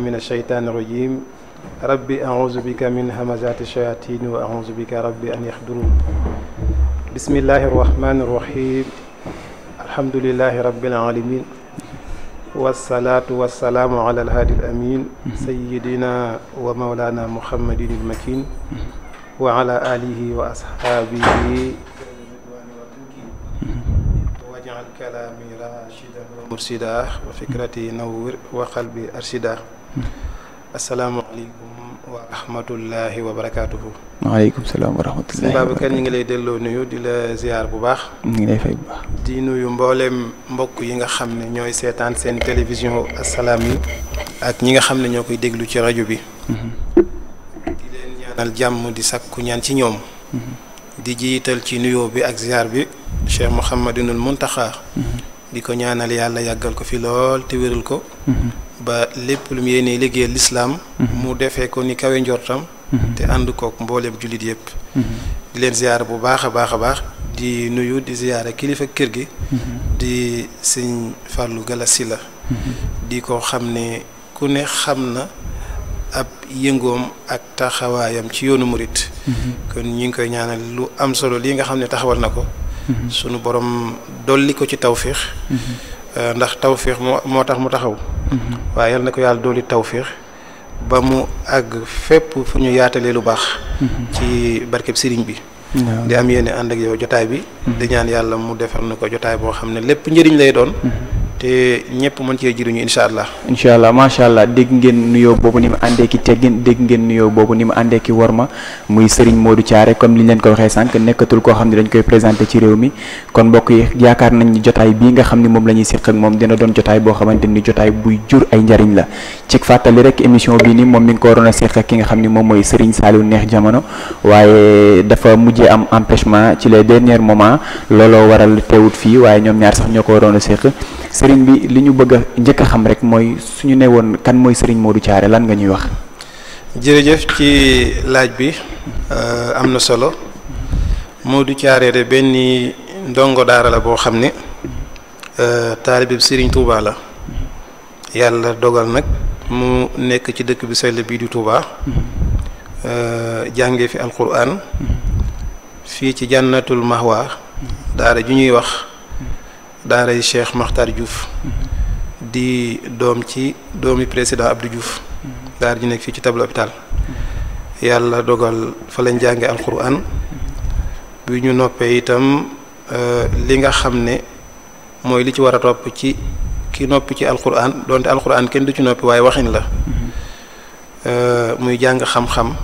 من الشيطان الرجيم ربي أعوذ بك من همزات الشياطين وأعوذ بك ربي أن يحضرون بسم الله الرحمن الرحيم الحمد لله رب العالمين والصلاة والسلام على الهادي الأمين سيدنا ومولانا محمد المكين وعلى آله وأصحابه واجعل كلامي راشدا ومرشدا وفكرتي نور وقلبي أرشدا asalaamaaleykum wa rahmatullahi wa barakaatuhu. waaleykum salaam wa rahmatullahi. sëñ Babacar ñu ngi lay delloo nuyu di la ziar bu baax. ñu ngi di nuyu mbooleem mbokk yi nga xam ne ñooy seetaan seen télévision asalaam yi ak ñi nga xam ne ñoo koy déglu ci rajo bi. di leen ñaanal jàmm di sakku ñaan ci ñoom. di jiital ci nuyoo bi ak ziar bi Cheikh Mouhamadinul Mountakha. Mm-hmm. di ko ñaanal yàlla yàggal ko fi lool te wéral ko. Mm-hmm. ba lépp lum mu yéenee liggéeyal lislaam mhm. mu defee ko ni kawe njortam mhm. te ànd kook mbooleem jullit yëpp mhm. di leen ziyaara bu baax a baax a baax di nuyu di ziyaara kilifa kër gi di sëñ Fallou Galasi la di ko xam ne ku ne xam na ab yëngoom ak taxawaayam ci yoonu murit kon ñu ngi koy ñaanal lu am solo lii nga xam ne taxawal na ko sunu borom dolli ko ci tawféex Euh, ndax tawféex moo moo tax mu taxaw mhm. waaye yal na ko yàlla dooli tawféex ba mu àgg fépp fu ñu yaatalee lu baax mhm. ci barkeb sëriñ bi di am yéene ànd ak yow jotaay bi mhm. di ñaan yàlla mu defar na ko jotaay boo xam ne lépp njëriñ lay doon te ñëpp mën cee jëriñu incha allah. incha allah macha allah dégg ngeen nuyoo boobu ni mu àndee ki teggin dégg ngeen nuyoo boobu ni mu àndee ki worma muy Serigne Modou Thiaré comme li ñu leen ko waxee sànq nekkatul koo xam ne dañ koy présenté ci réew mi kon mbokk yi yaakaar nañ ni jotaay bii nga xam ne moom la ñuy séq moom dina doon jotaay boo xamante ni jotaay buy jur ay njariñ la ci fàttali rek émission bii ni moom mi ngi ko waroon a séq ki nga xam ne moom mooy Serigne Saliou Neex Jamono waaye dafa mujjee am empêchement ci les derniers moments looloo waral teewut fii waaye ñoom ñaar sax ñoo ko waroon a séq sëriñ bi li ñu bëgg a njëkk a xam rek mooy suñu ne woon kan mooy sëriñ Modou Thiaré lan nga ñuy wax. jërëjëf ci laaj bi euh, am na solo Modou Thiaré de benn ndongo daara la boo xam ne euh, taalibe sëriñ Touba la yàlla dogal nag mu nekk ci dëkk bi sell bii di Touba euh, jàngee fi alquran fii ci jànnatul mahwa daara ji ñuy wax. daaray Cheikh Makhtar Diouf di doom ci doomi président Abdou Diouf daara ji nekk fii ci table hôpital yàlla dogal fa lañ jànge alquran bi ñu noppee itam euh, li nga xam ne mooy li ci war a topp ci ki noppi ci alquran donte alquran kenn du ci noppi waaye waxin la euh, muy jàng xam-xam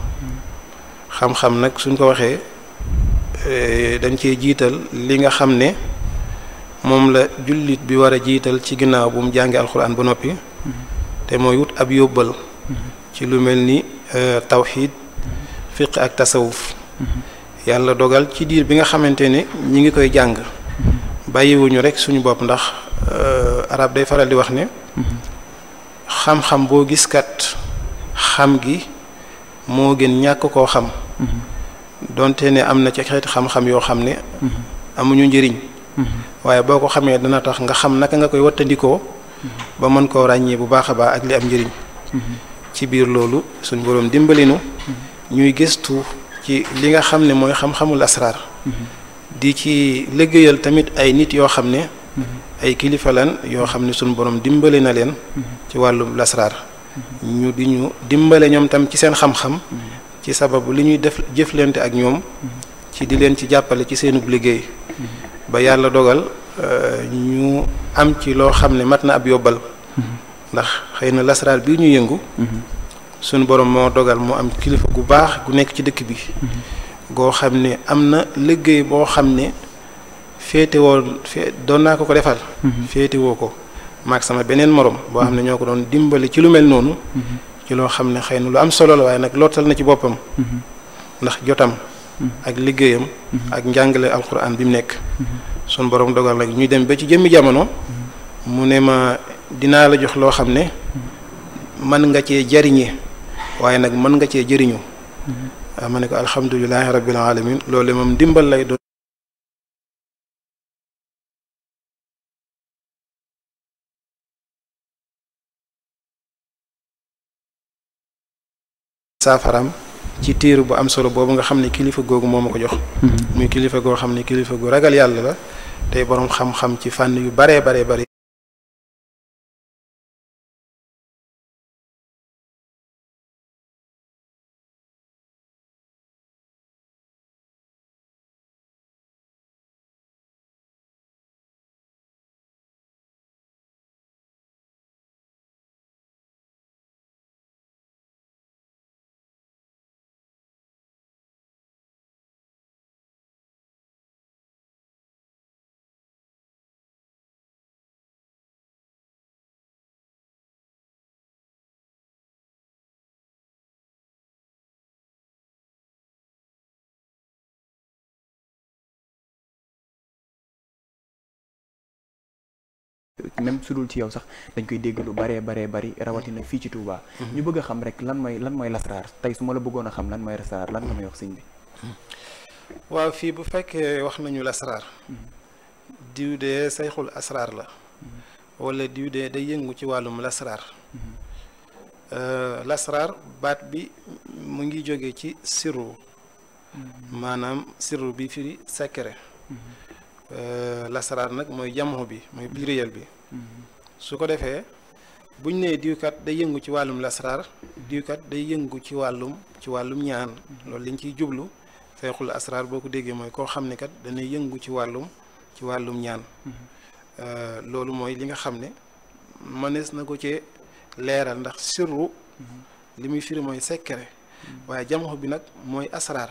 xam-xam nag suñ ko waxee euh, dañ cee jiital li nga xam ne moom la jullit bi war a jiital ci ginnaaw bu mu jàngee alxuraan ba noppi te mooy wut ab yóbbal ci lu mel ni euh, tawxiid fiq ak tasawuf yàlla dogal ci diir bi nga xamante ne ñi ngi koy jàng bàyyiwuñu rek suñu bopp ndax euh, arab day faral di wax ne xam-xam boo gis kat xam gi moo gën ñàkk koo xam mmh. donte ne am na ci xeet xam-xam yoo xam ne amuñu njëriñ waaye boo ko xamee dana tax nga xam naka nga koy wattandikoo ba mën koo ràññee bu baax a baax ak li am njëriñ ci biir loolu suñ boroom dimbalinu ñuy gëstu ci li nga xam ne mooy xam-xamul di ci liggéeyal tamit ay nit yoo xam ne ay kilifa yoo xam ne suñ boroom dimbali na leen ci wàllum lasraar ñu di ñu dimbale ñoom tam ci seen xam-xam ci sababu li ñuy def jëflante ak ñoom ci di leen ci jàppale ci seenub liggéey ba yàlla dogal euh, ñu am ci loo xam ne mat na ab yóbbal ndax xëy na lasraar bii ñu yëngu suñu borom moo dogal mu am kilifa gu baax gu nekk ci dëkk bi goo xam ne am na liggéey boo xam ne féete woo doon naa ko ko defal féetewoo woo ko maag sama beneen morom boo xam ne ñoo ko doon dimbali ci lu mel noonu ci loo xam ne xëy na lu am solo la waaye nag lootal na ci boppam ndax jotam ak liggéeyam ak njàngale alxuraan bi mu nekk sun borom dogal nag ñu dem ba ci jëmmi jamono mu ne ma dinaa la jox loo xam ne mën nga cee jariñe waaye nag mën nga cee jëriñu ah, ma ne ko alhamdulilahi rabbil alamin loolu moom dimbal lay doon saafaram ci téere bu am solo boobu nga xam ne kilifa googu moo ma ko jox. Mhm. muy kilifa goo xam ne kilifa gu ragal yàlla la tey borom xam-xam ci fànn yu baree baree bari. même su ci yow sax dañ koy dégg lu baree baree bari rawatina fii ci Touba. Mhm. ñu bëgg a xam rek lan mooy lan mooy lasaraar tey su ma la bëggoon a xam lan mooy lasaraar lan nga may wax mhm. fii bu fekkee wax nañu lasaraar. Mhm. diw de sayxul asraar la. wala diw day yëngu ci wàllum lasaraar. Euh, lasaraar baat bi mu ngi jóge ci siru. maanaam siru bi firi secret. Euh, lasaraar nag mooy jamono bi mooy pluriel bi. su ko defee buñ nee diwkat day yëngu ci wàllum lasraar diwkat day yëngu ci wàllum ci wàllum ñaan loolu liñ ciy jublu sayxul asraar boo ko déggee mooy koo xam ne kat danay yëngu ci wàllum ci wàllum ñaan euh, loolu mooy li nga xam ne mënees na ko ci leeral ndax sirru li muy firi mooy secret waaye jamono bi nag mooy asraar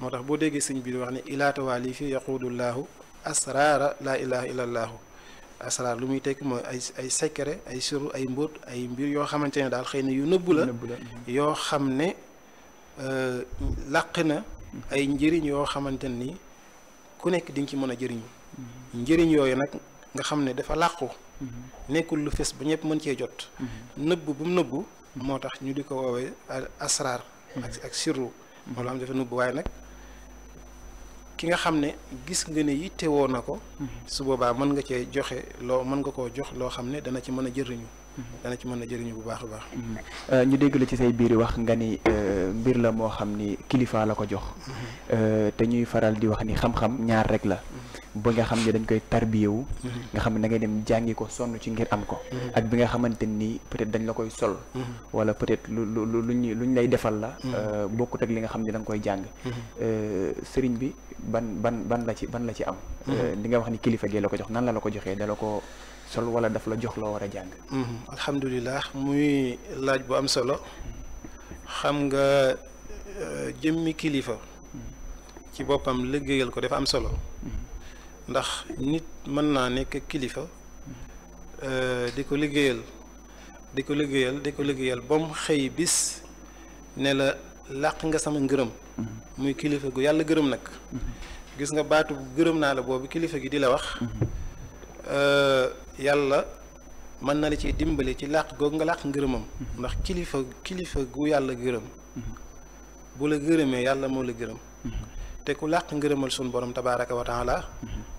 moo tax boo déggee sëñ bi wax ne ilaatawaal yi fii yaquudullaahu asraara laa ilaha illa allaahu asraar lu muy tekk mooy ay ay secret ay siru ay mbóot ay mbir yoo xamante ne daal xëy na yu nëbbu la mm-hmm. yoo xam ne euh, làq na mm-hmm. ay njëriñ yoo xamante ni ku nekk di nga ci mën a jëriñu mm-hmm. njëriñ yooyu nag nga xam ne dafa làqu nekkul lu fes ba ñëpp mën cee jot nëbb bu mu nëbbu moo tax ñu di ko woowee asraar ak ak siru moo la am dafa nëbbu waaye nag ki nga xam ne gis nga ne yittewoo na ko. Mhm. su boobaa mën nga cee joxe loo mën nga koo jox loo xam ne dana ci mën a jëriñu. dana mhm. ci mën a jëriñu bu baax a baax. Mhm. Euh, ñu dégg la ci say biir wax nga ni euh, mbir la moo xam ni kilifa la ko jox. Mhm. Euh, te ñuy faral di wax ni xam-xam ñaar rek la. ba nga xam ne dañ koy tarbiyewu nga xam ne dem jàngi ko sonn ci ngir am ko bi nga xamante nii peut-être dañ la koy sol wala peut-être lu lu luñ luñ lay defal la bokkut ak li nga xam ni da koy jàng sëriñ bi ban ban ban la ci ban la ci am li nga wax ni kilifa gee la ko jox nan la la ko joxee da ko sol wala daf la jox loo war a jàng. Mhm, alhamdulilah muy laaj bu am solo xam nga euh, jëmmi kilifa ci boppam liggéeyal ko dafa am solo ndax nit mën naa nekk kilifa euh, di ko liggéeyal di ko liggéeyal di ko liggéeyal ba xëy bis ne la làq nga sama ngërëm. muy kilifa gu yàlla gërëm nag. gis nga baatu gërëm naa la boobu kilifa gi di la wax. Mhm. Euh, yàlla mën na la ci dimbali ci làq googu nga làq ngërëmam mm-hmm. ndax kilifa kilifa gu yàlla gërëm mm-hmm. bu la gërëmee yàlla moo la gërëm mm-hmm. te ku làq ngërëmal sun borom tabaaraka wa taala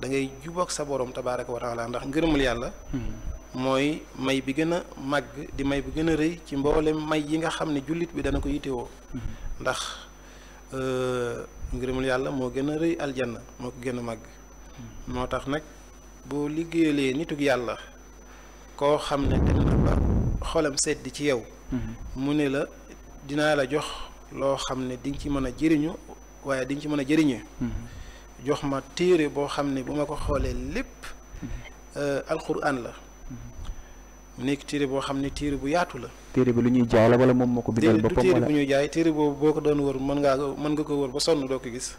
da ngay sa borom tabaaraka wa taala ndax ngërëmal yàlla mooy may bi gën a màgg di may bi gën a rëy ci mboolem may yi nga xam ne jullit bi dana ko yittewoo ndax euh, ngërëmul yàlla moo gën a rëy aljanna moo ko gën a màgg moo tax nag boo liggéeyalee nituk yàlla koo xam ne dem na ci yow mm-hmm. mu ne la dinaa la jox loo xam ne di nga ci mën a jëriñu waaye di ci mën a jëriñu mm-hmm. jox ma téere boo xam ne bu ma ko xoolee lépp mm-hmm. euh, alquran la mu nekk téere boo xam ne téere bu yaatu la téere bi lu ñuy jaay la wala moom moo ko bindal boppam téere bu ñuy jaay téere boobu boo ko doon wër mën ngaa mën nga ko wër ba sonn doo ko gis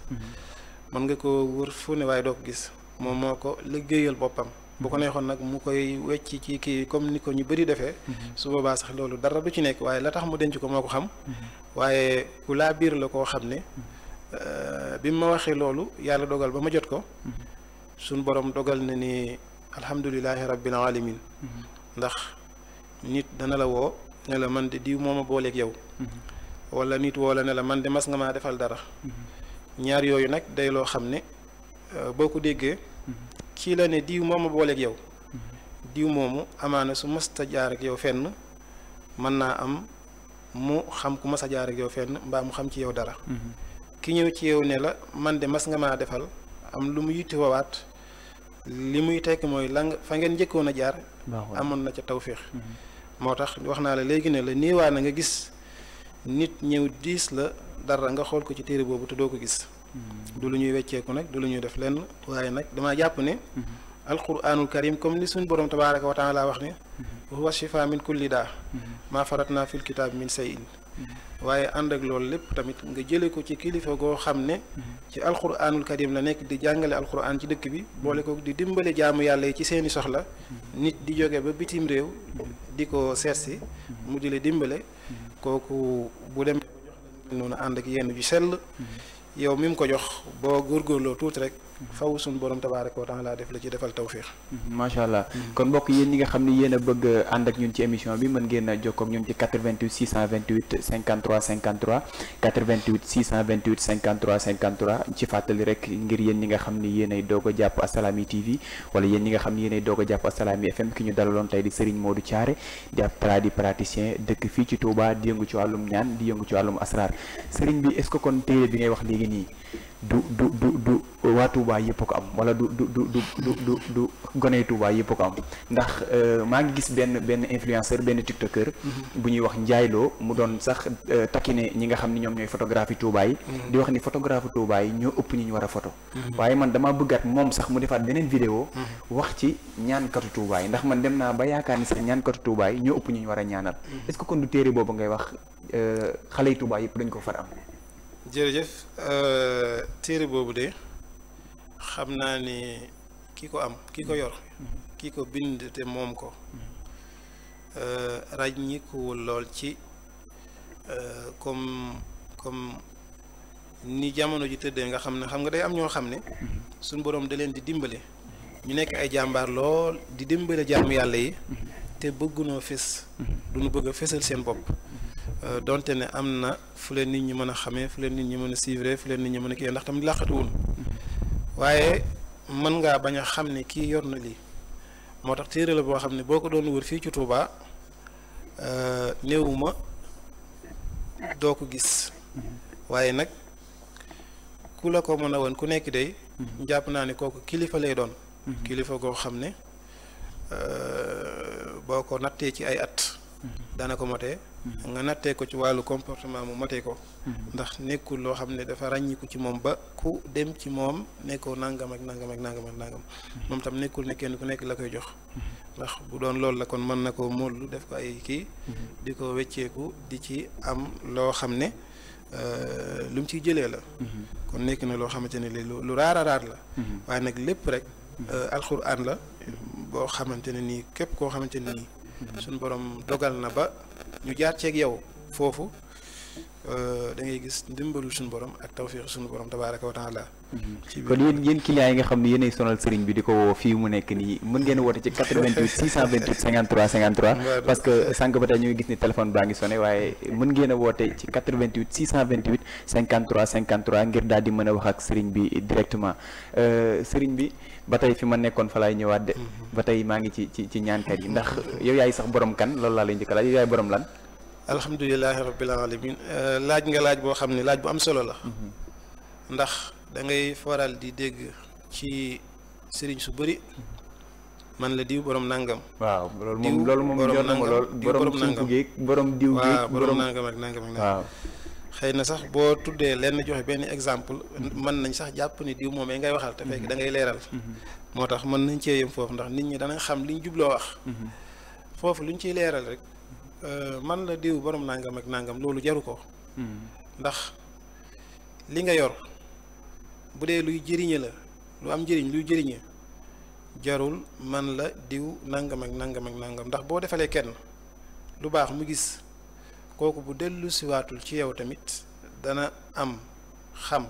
mën nga ko wër fu ne waaye doo ko gis moom moo ko liggéeyal boppam. bu ko neexoon nag mu koy wecc ci kii comme ni ko ñu bëri defee. Mhm. su boobaa sax loolu dara du ci nekk waaye la tax mu denc ko moo ko xam. Mhm. waaye ku laa biir la koo xam ne. Mhm. Euh, bi ma waxee loolu yàlla dogal ba ma jot ko. suñ borom dogal na ni alhamdulilahi rabbil alamin ndax nit dana la woo ne la man de diw moo nit woo la ne la man de mas nga maa defal dara. ñaar yooyu nag day loo xam ne. Euh, boo ko déggee kii la ne diw moom a booleeg yow diw moomu amaana su masta jaar ak yow fenn mën naa am mu xam ku mas a jaar ak yow fenn mbaa mu xam ci yow dara ki ñëw ci yow ne la man de mas nga maa defal am lu mu yitti wawaat li muy tekk mooy la fa ngeen njëkkoon a jaar amoon na ca tawféex mhm. moo tax wax naa la léegi ne la niiwaan na nga gis nit ñëw diis la dara nga xool ko ci téere boobu te doo ko gis du lu ñuy wecceeku nag du lu ñuy def lenn waaye nag dama jàpp ne alquranul karim comme ni suñ borom tabaraka wa laa wax ne huwa shifa min kulli daa maa faratna fil kitaab min sayin waaye ànd ak loolu lépp tamit nga jële ko ci kilifa goo xam ne ci alquranul karim la nekk di jàngale alquran ci dëkk bi boole ko di dimbale jaamu yàlla yi ci seeni soxla nit di joge ba bitim réew di ko seetsi mu di la dimbale kooku bu dem noonu ànd ak yow mi mu ko jox boo góorgóorloo tuuti rek faw suñu borom tabaaraka wa taala def la ci defal tawfiix mhm, macha allah kon mbokk yéen ñi nga xam ne yéen a bëgg ànd ak ñun ci émission bi mën ngeen a jokkoo ak ñun ci 88 628 53 53 88 628 53 53 ci fàttali rek ngir yéen ñi nga xam ne yéen ay doog a jàpp Assalaamy TV wala yéen ñi nga xam ne yéen ay doog a jàpp Assalaamy FM ki ñu dalaloon tey di Serigne Modou Thiaré di ab tradipraticien dëkk fii ci Touba di yëngu ci wàllum ñaan di yëngu ci wàllum asrar Serigne bi est-ce que bi ngay wax léegi nii du du du du waa Touba yëpp ko am wala du du du du du du goney Touba yëpp ko am ndax euh, maa ngi gis benn benn influenceur benn tiktoker. Mhm. bu ñuy wax njaayloo mu doon sax euh, takkine ñi nga xam ni ñoom ñooy photographie tuubaay mhm. di wax ni photographe Touba yi ñoo ëpp ñu ñu war a photo. Mhm. waaye man dama bëggaat moom sax mu defaat beneen vidéo. wax ci ñaankatu Touba yi ndax man dem naa ba yaakaar ni sax ñaankatu Touba yi ñoo ëpp ñu ñu war a ñaanal. est-ce que kon du boobu ngay wax euh, xale yi yëpp dañ ko far am. jërëjëf euh, téere boobu de xam naa ni ki ko am ki ko yor ki ko bind te moom ko euh, ràññikuwul lool ci euh, comme comme ni jamono ji tëddee nga xam ne xam nga day am ñoo xam ne suñ boroom da leen di dimbale ñu nekk ay jàmbaar lool di dimbale jàmm yàlla yi te bëggunoo fés duñu bëgg a fésal seen bopp Euh, donte ne am na fu leen nit ñi mën a xamee fu leen nit ñi mën a suivre fu leen nit ñi a kii ndax tamit làqatuwul waaye mën ngaa bañ a xam ne kii yor na lii moo tax téere la boo xam ne boo ko doon wër fii ci Touba euh, néewuma doo ko gis waaye nag ku la ko mën a woon ku nekk day jàpp naa ne kooku kilifa lay doon kilifa goo xam ne euh, boo ko nattee ci ay at dana ko motee nga nattee ko ci wàllu comportement mu matee ko mm-hmm. ndax nekkul loo xam ne dafa ràññiku ci moom ba ku dem ci moom nekkoo nangam ak nangam ak nangam ak nangam mm-hmm. moom tam nekkul ne kenn ku nekk la koy jox mm-hmm. ndax bu doon loolu la kon mën na koo móolu def ko ay kii di ko wecceeku di ci am loo xam ne euh, lu mu ciy jëlee la kon nekk na loo xamante ne li lu raara raar la waaye nag lépp rek euh, alxuraan la boo xamante ne nii képp koo xamante ne nii suñ borom dogal na ba ñu jaar ceeg yow foofu euh, da ngay gis ndimbalu suñu borom ak tawfiix suñu borom tabaaraka wa la Mm-hmm. kon yéen yéen clients yi nga xam ne yéenay sonal sëriñ bi di ko woo fii mu nekk nii mën ngeen woote ci 88 628 53 53 parce que sànq ba tey ñu ngi gis ni téléphone baa ngi a ngir daal di mën a wax ak sëriñ bi directement euh, sëriñ bi ba tey fi ma nekkoon fa laay ñëwaat de mm-hmm. ba tey maa ngi ci ci ci ñaankat yi ndax yow yaay sax borom kan lool laa lay njëkk a laaj yow yaay borom lan alhamdulilahi rabbil alamin euh, laaj nga laaj boo xam ne laaj bu am solo la mm-hmm. ndax da ngay faral di dégg ci sëriñ su bari man la diw borom nangam. waaw loolu moom loolu moom jot na ma lool borom nangam diw borom diw waaw borom nangam ak nangam ak nangam. xëy na sax boo tuddee lenn joxe benn exemple mën nañ sax jàpp ni diw moomee ngay waxal te fekk da ngay leeral. moo tax mën nañ cee foofu ndax nit ñi danañ xam liñ jubloo wax. foofu luñ ciy leeral rek euh, man la diw borom nangam ak nangam loolu jaru ko. Hmm. ndax li nga yor. bu dee luy jëriñe la lu am njëriñ luy jëriñe jarul man la diw nangam ak nangam ak nangam ndax boo defalee kenn lu baax mu gis kooku bu dellu siwaatul ci yow tamit dana am xam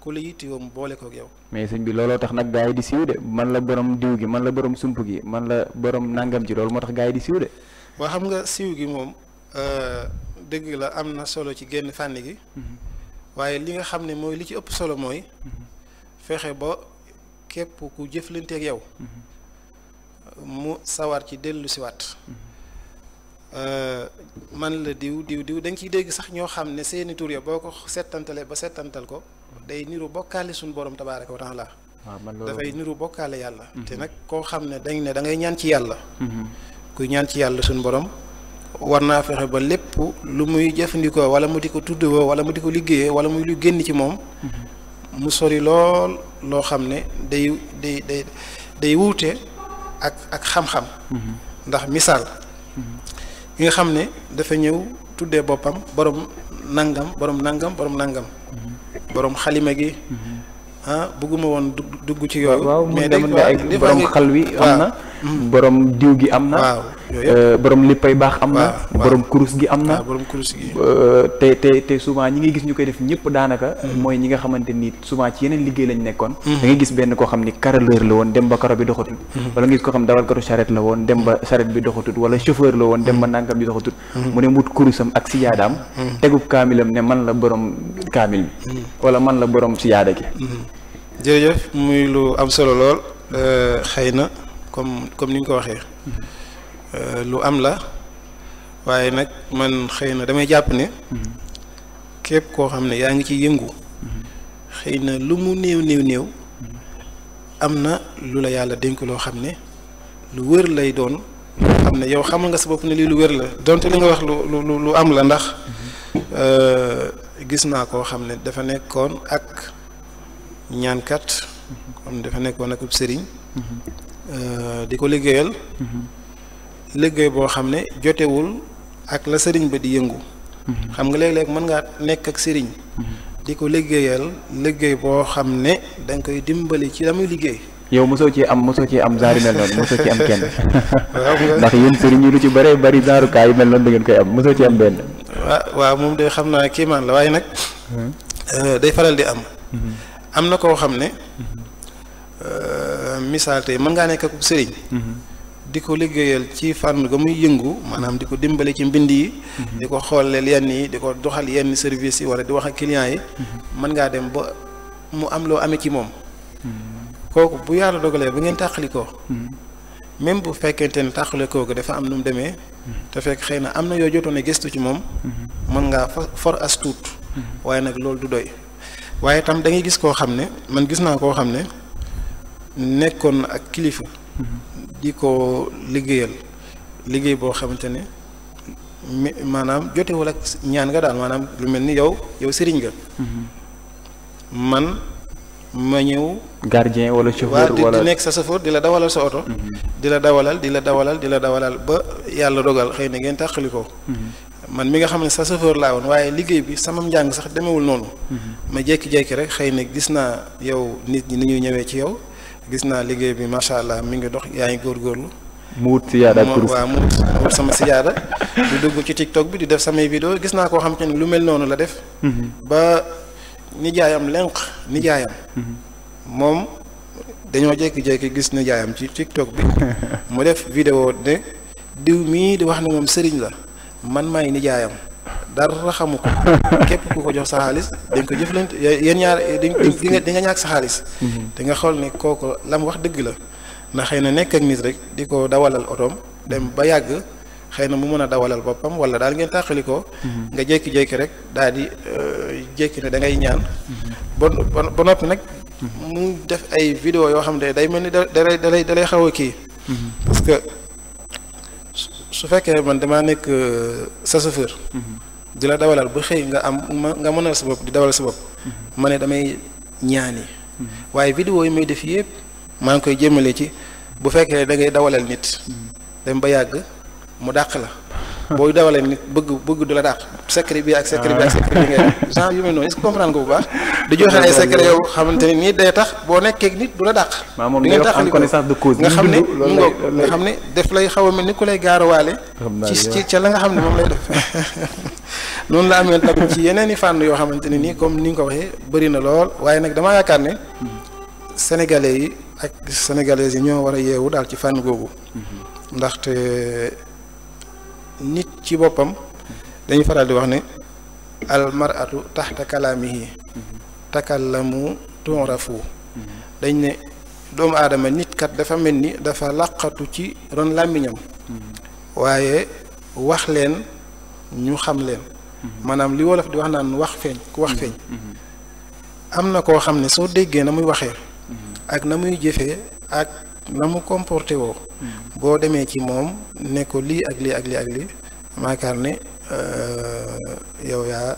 ku la yittewoo mu boole kook yow. mais sëñ bi looloo tax nag gaa yi di siiw de man la borom diw gi man la borom sump gi man la borom nangam ji loolu moo tax gaa yi di siiw de. waa xam nga siw gi moom euh, dëgg la am na solo ci génn fànn gi. Mm-hmm. waaye li nga xam ne mooy li ci ëpp solo mooy fexe ba képp ku jëflanteeg yow mu sawar ci dellu siwaat euh, man la diw diw diw da ciy dégg sax ñoo xam ne seeni tur ya boo ko settantale ba settantal ko day niru bokkaale suñu borom tabaaraka wa taala ah, dafay niru bokkaale yàlla mhm. te nag koo xam ne dañ ne da ngay ñaan ci yàlla mhm. kuy ñaan ci yàlla suñu borom war naa fexe ba lépp lu muy jëfandikoo wala mu di ko tuddoo wala mu di ko liggéeyee wala muy luy génn ci moom mu sori lool loo xam ne day day day day wuute ak ak xam-xam ndax misaal ki nga xam ne dafa ñëw tuddee boppam borom nangam boroom nangam borom nangam borom xalima gi mm-hmm. ah bëgguma woon dugg ci yooyu mais day borom xal wi am borom diw gi am na. Euh, borom léppay baax am na. borom kurus gi am na. borom kurus euh, te te te souvent ñi ngay gis ñu koy def ñëpp daanaka. Mm-hmm. mooy ñi nga xamante ni souvent ci yeneen liggéey lañ nekkoon. Mm-hmm. da ngay gis benn koo xam ni carreleur la woon dem ba karo bi doxatul. Mm-hmm. wala nga gis koo xam dawalkatu charrette la woon dem ba charrette bi doxatul wala chauffeur la woon dem ba nangam bi doxatul. mu ne mut kurusam ak siyaadaam. tegub kaamilam ne man la borom kaamil bi. wala man la borom siyaada gi. jërëjëf muy lu am solo euh, na. comme comme ni nga ko waxee euh, lu am la waaye nag man xëy na damay jàpp ne képp koo xam ne yaa ngi ci yëngu xëy na lu mu néew néew néew am na lu la yàlla dénk loo xam ne lu wër lay doon xam ne yow xamal nga sa bopp ne lii lu wër la donte li nga wax lu lu am la ndax euh, gis naa koo xam ne dafa nekkoon ak ñaankat xam dafa nekkoon ak sëriñ Euh, di ko liggéeyal mm-hmm. liggéey boo xam ne jotewul ak la sëriñ ba di yëngu mm-hmm. xam nga léeg-léeg mën ngaa nekk ak sëriñ mm-hmm. di ko liggéeyal liggéey boo xam ne da nga koy dimbali ci la liggéey yow mosoo ci am mosoo ci am genre yu mel noonu mosoo ci am kenn ndax yéen sëriñ lu ci bëree bari genre kaa mel noonu da ngeen koy am mosoo ci am benn waaw waaw moom de xam naa kiimaan la waaye nag euh, day faral di am am na koo xam ne euh, misaal tey mën ngaa nekk ak sëriñ. Mhm. di ko liggéeyal ci fànn ga muy yëngu maanaam di ko dimbale ci mbind yi. Mhm. di ko xooleel yenn yi di ko doxal yenn service yi wala di wax ak client yi. Mhm. mën ngaa dem ba mu am loo amee ci moom. kooku bu yàlla dogalee ba ngeen tàqali ko. même bu fekkente ne tàqale kooku dafa am nu mu demee. te fekk xëy na am na yoo jotoon ne gëstu ci moom. mën ngaa for as tuut. waaye nag loolu du doy. waaye tam da gis koo xam ne man gis naa koo xam ne. nekkoon na ak kilifa. di ko liggéeyal liggéey boo xamante ne maanaam jotewul ak ñaan nga daal maanaam lu mel ni yow yow sëriñ nga. man ma ñëw. gardien wala chauffeur wala di nekk sa chauffeur di la dawalal sa oto. Mhm. di la dawalal di la dawalal di la dawalal ba yàlla dogal xëy na ngeen tàqali ko. Mhm. man mi nga xam ne sa chauffeur laa woon waaye liggéey bi sama njàng sax demewul noonu. Mhm. ma jékki-jékki rek xëy na gis naa yow nit ñi ni ñuy ñëwee ci yow. gis naa liggéey bi macha allah mi ngi dox yaa ngi góorgóorlu. mu wut siyaada ak kurus waaw mu wut sama siyaada di dugg ci TikTok bi di def samay vidéo gis naa koo xam te ne lu mel noonu la def. Mhm. ba nijaayam lenq nijaayam. Mhm. moom dañoo jékki-jékki gis nijaayam ci TikTok bi mu def vidéo ne diw mii di wax ne moom sëriñ la man maay nijaayam. dara xamu ko képp ku ko jox sa xaalis dañ ko jëflante yéen ñaar di nga ñàkk sa xaalis te mhm. nga xool ne kooku lam wax dëgg la ndax xëy na nekk ak nit rek di ko dawalal otoom dem ba yàgg xëy na mu mën a dawalal boppam wala daal ngeen tàqali ko mhm. nga jékki-jékki rek daal di euh, jékki ne da ngay ñaan mhm. ba ba noppi nag mu def ay vidéo yoo xam ne day mel ni da dalay dalay dalay xaw a kii parce su fekkee man damaa nekk sa euh, chauffeur. Mm-hmm. di la dawalal ba xëy nga am nga mën mënal sa bopp di dawal sa bopp. Mm-hmm. ma ne damay ñaani. Mm-hmm. waaye vidéo yi may def yëpp maa ngi koy jëmale ci bu fekkee da ngay dawalal nit. dem ba yàgg mu dàq la. booy dawalal nit bëgg bëgg du la dàq. secret bi ak secret bi ak ah. secret bi ngay genre yu mel bu baax di joxe ay secret yow xamante ne nii day tax boo nekkee nit du la dàq di nga tax nga xam ne mu ngoog nga xam ne def lay xaw a mel ni ku lay gaarawaale ci ci ca la nga xam ne moom lay def noonu la amee tamit ci yeneen i fànn yoo xamante ne nii comme ni nga ko waxee bëri na lool waaye nag damaa yaakaar ne sénégalais yi ak sénégalaises yi ñoo war a yeewu daal ci fànn googu mhm. ndaxte nit ci boppam dañu faral di wax ne al mar'atu taxta kalaamihi takallamu tu'rafu dañ ne doomu aadama nit kat dafa mel ni dafa làqatu ci ron làmmiñam waaye wax leen ñu xam leen maanaam li wolof di wax naan wax feeñ ku wax feeñ am na koo xam ne soo déggee na muy waxee ak na muy jëfee ak na mu comporté woo boo demee ci moom ne ko lii ak lii ak lii ak lii maakaar ne Euh, yow yaa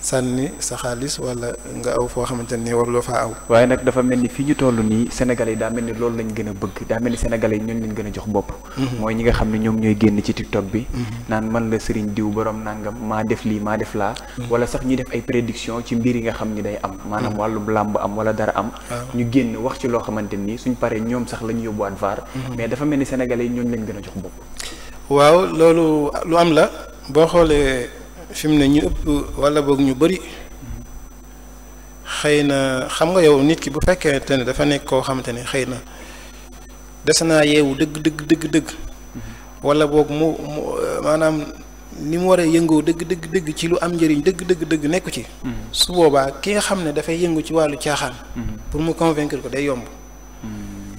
sànni sa xaalis wala nga aw foo xamante ni waruloo faa aw. waaye nag dafa mel ni fi ñu toll nii Sénégal yi daa mel ni loolu lañ gën a bëgg daa mel ni Sénégal ñoom lañ gën a jox bopp. Mm-hmm. mooy ñi nga xam ne ñoom ñooy génn ci TikTok bi. Mm-hmm. naan man la Serigne diw borom nangam maa def lii def laa. Mm-hmm. wala sax ñuy def ay prédiction ci mbir yi nga xam ni day am. maanaam wàllum làmb am wala dara am. ñu génn wax ci loo xamante ni suñ paree ñoom sax la ñu yóbbuwaat vaar. mais dafa mel ni Sénégal yi ñooñu lañ gën a jox bopp. waaw loolu lu am la boo xoolee fi mu ne ñu ëpp wala boog ñu bari xëy na xam nga yow nit ki bu fekkee te ne dafa nekk koo xamante ne xëy na des naa yeewu dëgg dëgg dëgg dëgg wala boog mu mu maanaam ni mu waree a yëngoo dëgg dëgg dëgg ci lu am njëriñ dëgg dëgg dëgg nekku ci. su boobaa ki nga xam ne dafay yëngu ci wàllu caaxaan. pour mu convaincre ko day yomb.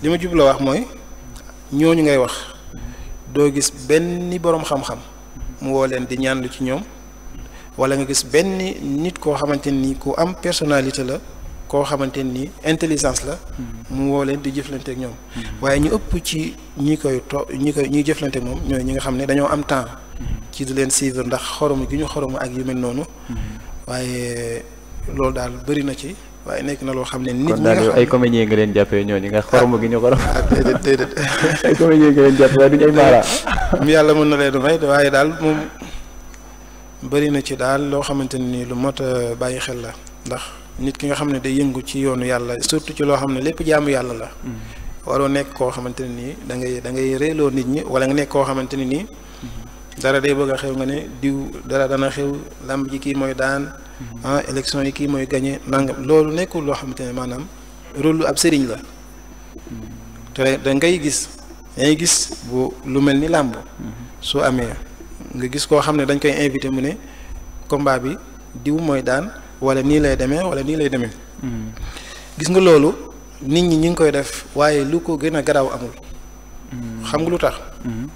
li ma jubla wax mooy ñooñu ngay wax doo gis benn boroom xam-xam. mu woo leen di ñaanlu ci ñoom wala nga gis benn nit koo xamante nii ku am personnalité la koo xamante nii intelligence la. mu woo leen di jëflanteek ñoom. waaye ñu ëpp ci ñi koy to ñi koy ñiy jëflante moom ñooy ñi nga xam ne dañoo am temps. ci di leen suivre ndax xorom gi ñu xorom ak yu mel noonu. waaye loolu daal bëri na ci. waaye nekk na loo xam ne. nit ñi nga xam ay nga leen jàppee ñooñu nga xoromu gi ñu xorom. Ah, déedéet déedéet. ay comédien nga leen jàppee waaye daal moom bëri na ci daal loo xamante ni lu mot bàyyi xel la ndax nit ki nga xam ne day yëngu ci yoonu yàlla surtout ci loo xam ne lépp jaamu yàlla la. Mm-hmm. waroo nekk koo xamante ne nii dangay ngay da ngay reeloo nit ñi wala nga nekk koo xamante ne nii. Mm-hmm. dara day bëgg a xew nga ne diw dara dana xew làmb ji kii mooy daan. ah yi kii mooy gagné nangam loolu nekkul loo xamante ne maanaam rôle lu ab sëriñ la te da ngay gis dangay gis bu lu mel ni làmb soo amee nga gis koo xam ne dañ koy invité mu ne combat bi diw mooy daan wala nii lay demee wala nii lay demee gis nga loolu nit ñi ñi ngi koy def waaye lu ko gën a garaaw amul xam nga lu tax mm-hmm.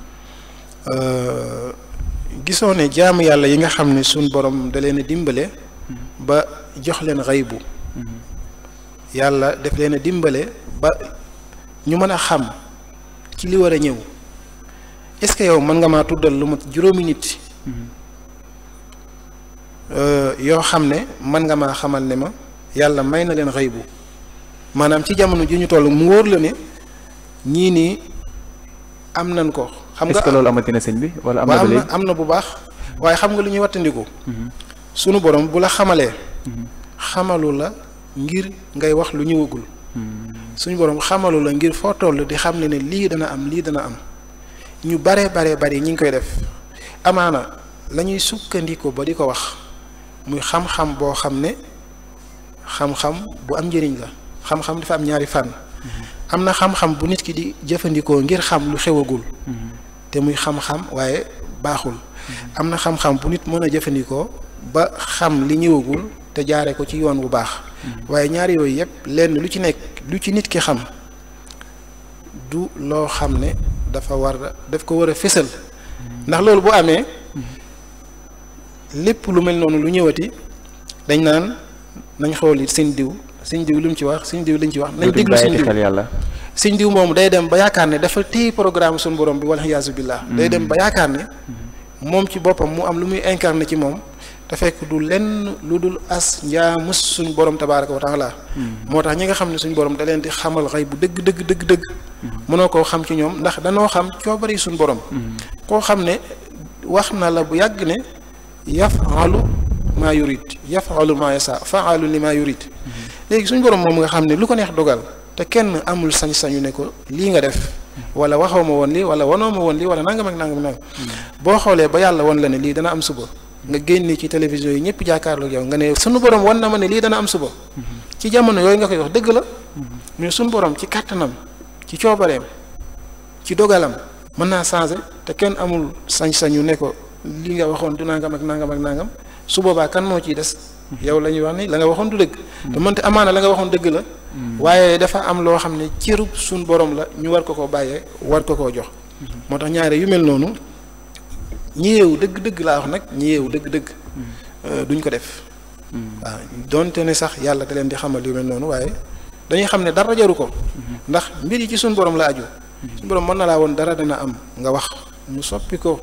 euh, gisoo ne jaamu yàlla yi nga xam ne suñ borom da leen a dimbale ba jox leen xaybu yàlla def leen a dimbale ba ñu mën a xam ci li war a ñëw est-ce que yow mën nga maa tuddal lu mat juróomi nit euh, yoo xam ne mën nga maa xamal ne ma yàlla may na leen xaybu maanaam ci jamono ji ñu toll mu wóor la ne ñii nii am nañ ko. xam nga est loolu que loolu amatina sëñ bi wala am na bu baax waaye xam nga lu ñuy wattandiku. Mm-hmm. suñu borom bu la xamalee mhm. xamalu la ngir ngay wax lu ñëwagul mhm. suñu borom xamalu la ngir foo toll di xam ne ne lii dana am lii dana am ñu bare bare bari ñu ngi koy def amaana la ñuy sukkandiku ba di ko wax muy xam-xam boo xam ne xam-xam bu am njëriñ la xam-xam dafa am ñaari fànn mhm. am na xam bu nit ki di jëfandikoo ngir xam lu xewagul te muy xam waaye baaxul am na xam-xam bu nit mën a jëfandikoo ba xam li ñëwagul te jaare ko ci yoon bu baax waaye ñaari yooyu yëpp lenn lu ci nekk lu ci nit ki xam du loo xam ne dafa war daf ko war a fésal ndax loolu bu amee lépp lu mel noonu lu ñëwati dañ naan nañ xool it seen diw seen diw lu mu ci wax seen diw lañ ci wax nañ déglu seen diw seen diw moom day dem ba yaakaar ne dafa téye programme suñu borom bi wala yaasu billah day dem ba yaakaar ne moom ci boppam mu am lu muy incarné ci moom te fekk du lenn lu dul as njaamus suñ borom tabaaraka wa taala hmm. moo tax ñi nga xam ne suñ borom da leen di xamal xëy bu dëgg dëgg dëgg dëgg hmm. mënoo koo xam ci ñoom ndax danoo xam coobari suñ borom hmm. koo xam ne wax na la bu yàgg ne yafalu maa yurid yafalu maa yasa faalu li maa yurid léegi suñ borom moom nga xam ne lu ko neex dogal te kenn amul sañ-sañu ne ko lii nga def wala waxoo ma woon lii wala wanoo ma woon li wala nangam ak nangam nangam boo xoolee ba yàlla woon la ne lii dana am suba nga génne ci télévision yi ñëpp jàkkaarloog yow nga ne sunu borom wan na ma ne lii dana am suba ci jamono yooyu nga koy wax dëgg la mhm. mais sunu borom ci kàttanam ci coobareem ci dogalam mën naa changé te kenn amul sañ-sañu ne ko li nga waxoon du nangam ak nangam ak nangam su boobaa kan moo ciy des mhm. yow la ñuy wax ni nga waxoon du dëgg mhm. te mënte amaana la nga waxoon dëgg la waaye dafa am loo xam ne cërub suñ borom la ñu war ko koo bàyyee war ko koo jox moo tax ñaare yu mel noonu ñu yeewu dëgg-dëgg laa wax nag ñu yeewu dëgg-dëgg. Hmm. Euh, duñ ko def. waaw hmm. ah, donte ne sax yàlla da leen di xamal yu mel noonu waaye dañuy xam ne dara jaru ko. Hmm. ndax mbir yi ci suñu borom la aju. mën na laa woon dara dana am nga wax mu soppi ko.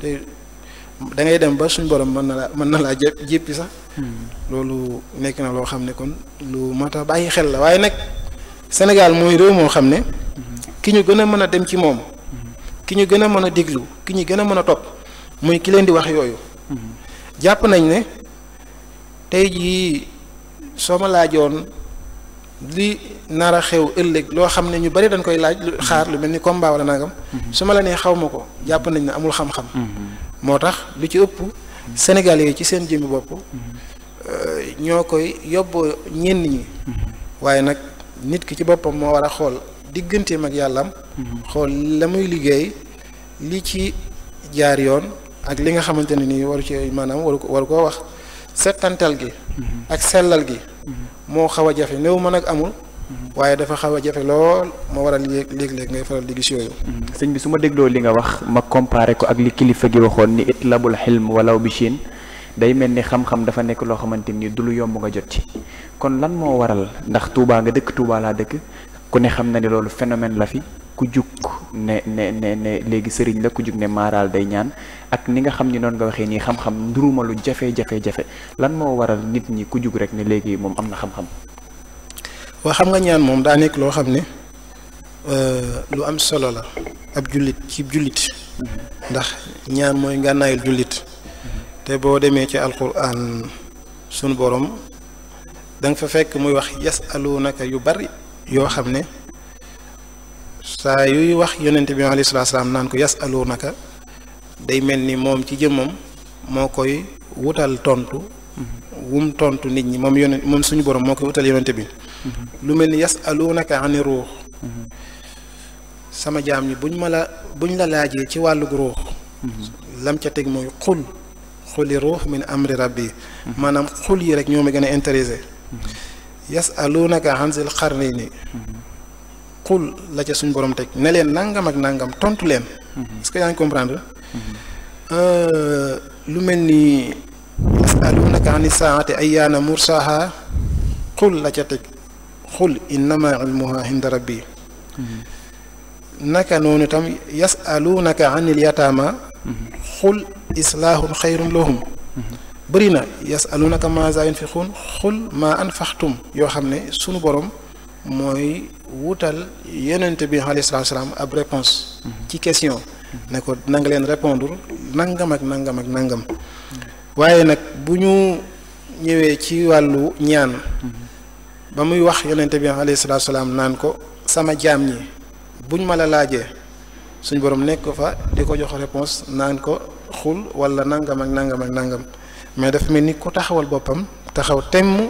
te da dem ba suñu borom mën na laa mën na laa jé jéppi sax. loolu nekk na loo xam ne kon lu mat a bàyyi xel la waaye nag Sénégal mooy réew moo xam ne. ki ñu gën a mën a dem ci moom. ki ñu gën a mën a déglu ki ñu gën a mën a topp. muy ki leen di wax yooyu jàpp nañ ne tey jii soo ma laajoon li nar a xew ëllëg loo xam ne ñu bari dañ koy laaj lu xaar lu mel ni combat wala nangam su ma la nee xaw ma ko jàpp nañ ne amul xam-xam moo tax lu ci ëpp Sénégalais yi ci seen jëmmi bopp euh, ñoo koy yóbboo ñenn ñi waaye nag nit ki ci boppam moo war a xool digganteem ak yàllam mm-hmm. xool la muy liggéey li ci jaar yoon ak li nga xamante ne nii waru ci maanaam waru ko waru koo wax settantal gi ak sellal gi moo xaw a jafe néew mën ak amul waaye dafa xaw a jafe lool moo waral léeg-léeg ngay faral di gis yooyu sëñ bi su ma dégloo li nga wax ma comparé ko ak li kilifa gi waxoon ni itlabul xilm walaw bi Chine day mel ni xam-xam dafa nekk loo xamante ni du lu yomb nga jot ci kon lan moo waral ndax tuubaa nga dëkk Touba laa dëkk ku ne xam na ne loolu phénomène la fi ku jug ne ne ne léegi sëriñ la ku jug ne maaraal day ñaan ak ni nga xam ni noonu nga waxee nii xam-xam nduruma jafe-jafe-jafe lan moo waral nit ñi ku jug rek ne léegi moom am na xam-xam waa xam nga ñaan moom daa nekk loo xam ne euh, lu am solo la ab jullit ci jullit mm-hmm. ndax ñaan mooy ngànnaayul jullit mm-hmm. te boo demee ci alquran sunu boroom da nga fa fekk muy wax yasalunaka yu bari yoo xam ne saa yuy wax yonent bi alayhi salaatu salaam naan ko yasaluunaka day mel ni moom ci jëmmam moo koy wutal tontu wum tontu nit ñi moom yonent moom suñu borom moo koy wutal yonent bi lu mel ni yas yasaluunaka ani ruux sama jaam ñi buñ ma la buñ la laajee ci wàllug ruux lam ca teg mooy xul xuli ruux min amri rabbi maanaam xul yi rek ñoo ma gën a intéressé yasaluunaka anzil xarnayni qul la ca suñ borom teg ne leen nangam ak nangam tontu leen. Mhm. est-ce que yaa comprendre. Mhm. Euh, lu mel ni yasalunaka ani saati ayyaana mursaha qul la ca teg qul innama ilmuha inda rabbi mhm. naka noonu tam yasalunaka anil yataama xul islaahun xayrun lahum bëri na yasalunaka maza yunfiqun xul ma anfaxtum yoo xam ne sunu borom mooy wutal yonent bi alayhi salaam ab réponse ci question ne ko na nga leen répondre nangam ak nangam ak nangam waaye nag bu ñu ñëwee ci wàllu ñaan ba muy wax yonent bi alayhi salaam naan ko sama jaam ñi buñ ma la laajee suñ borom nekk fa di ko jox réponse naan ko xul wala nangam ak nangam ak nangam mais dafa mel ni ku taxawal boppam taxaw temm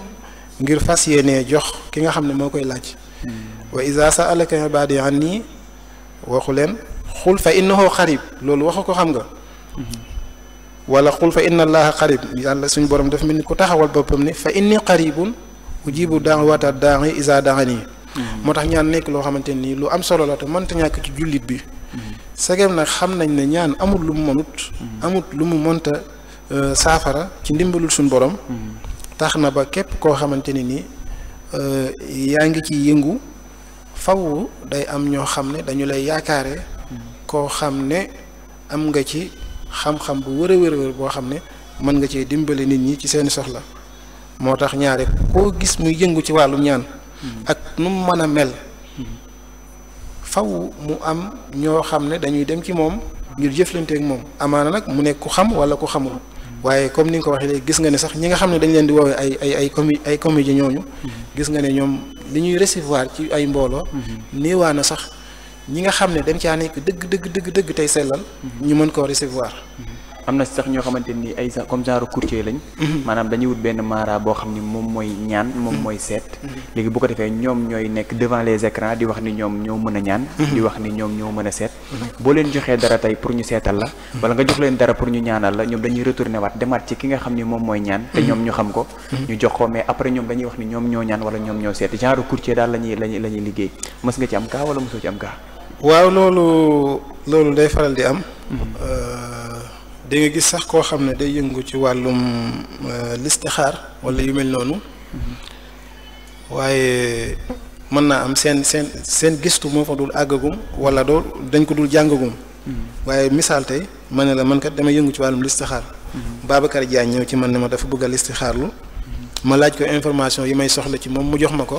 ngir fas yéenee jox ki nga xam ne moo koy laaj waa wa iza sa'alaka ibadi anni waxu leen xul fa innahu xarib loolu waxu ko xam nga wala xul fa inna allaha xarib yàlla suñ borom daf mel ni ku taxawal boppam ni fa inni xaribun ujibu daawata daai iza daani moo tax ñaan nekk loo xamante nii lu am solo la te mënta ñàkk ci jullit bi segem nag xam nañ ne ñaan amul lu mu amut lu mu mënta euh, saafara ci ndimbalul suñ borom tax na ba képp koo xamante ni nii euh, yaa ngi ci yëngu faw day am ñoo xam ne dañu lay yaakaare koo xam ne am nga ci xam-xam bu wër a wër wër boo xam ne mën nga cee dimbale nit ñi ci seeni soxla moo tax ñaare koo gis muy yëngu ci wàllu ñaan ak nu mu mën a mel faw mu am ñoo xam ne dañuy dem ci moom ngir jëflante ak moom amaana nag mu nekk ku xam wala ku xamul waaye comme ni nga ko waxee léegi gis nga ne sax ñi nga xam ne dañ leen di woowee ay ay ay comi ay ñooñu gis nga ne ñoom li ñuy recevoir ci ay mbooloo mhm. néewaa na sax ñi nga xam ne dañ caa nekk dëgg dëgg dëgg dëgg tey sellal mhm. ñu mën koo recevoir mhm. am na sax ñoo xamante ni ay genre courtier lañ. Mm-hmm. maanaam mm-hmm. mm-hmm. ñooy nekk devant les écrans di wax ni a ñaan. di wax ni ñoo mën a seet. boo leen joxee dara tey la. wala nga jox leen dara pour ñu la ñoom dañuy retourné waat demaat ci ki nga wax ni ñoom ñoo ñoo seet genre courtier daal la ñuy liggéey mës nga ci am kaa wala mësoo ci am kaa. waaw loolu loolu day faral di am euh, di nga gis sax koo xam ne day yëngu ci wàllum euh, xaar wala yu mel noonu waaye mën naa am seen seen seen gistu moo fa dul àggagum wala doo dañ ko dul jàngagum mm-hmm. waaye misaal tey ma ne la man kat dama yëngu ci wàllum listixaar mm-hmm. Babacar jaa ñëw ci man ne ma dafa bëgg a listixaarlu mm-hmm. ma laaj ko information yi may soxla ci moom mu jox ma ko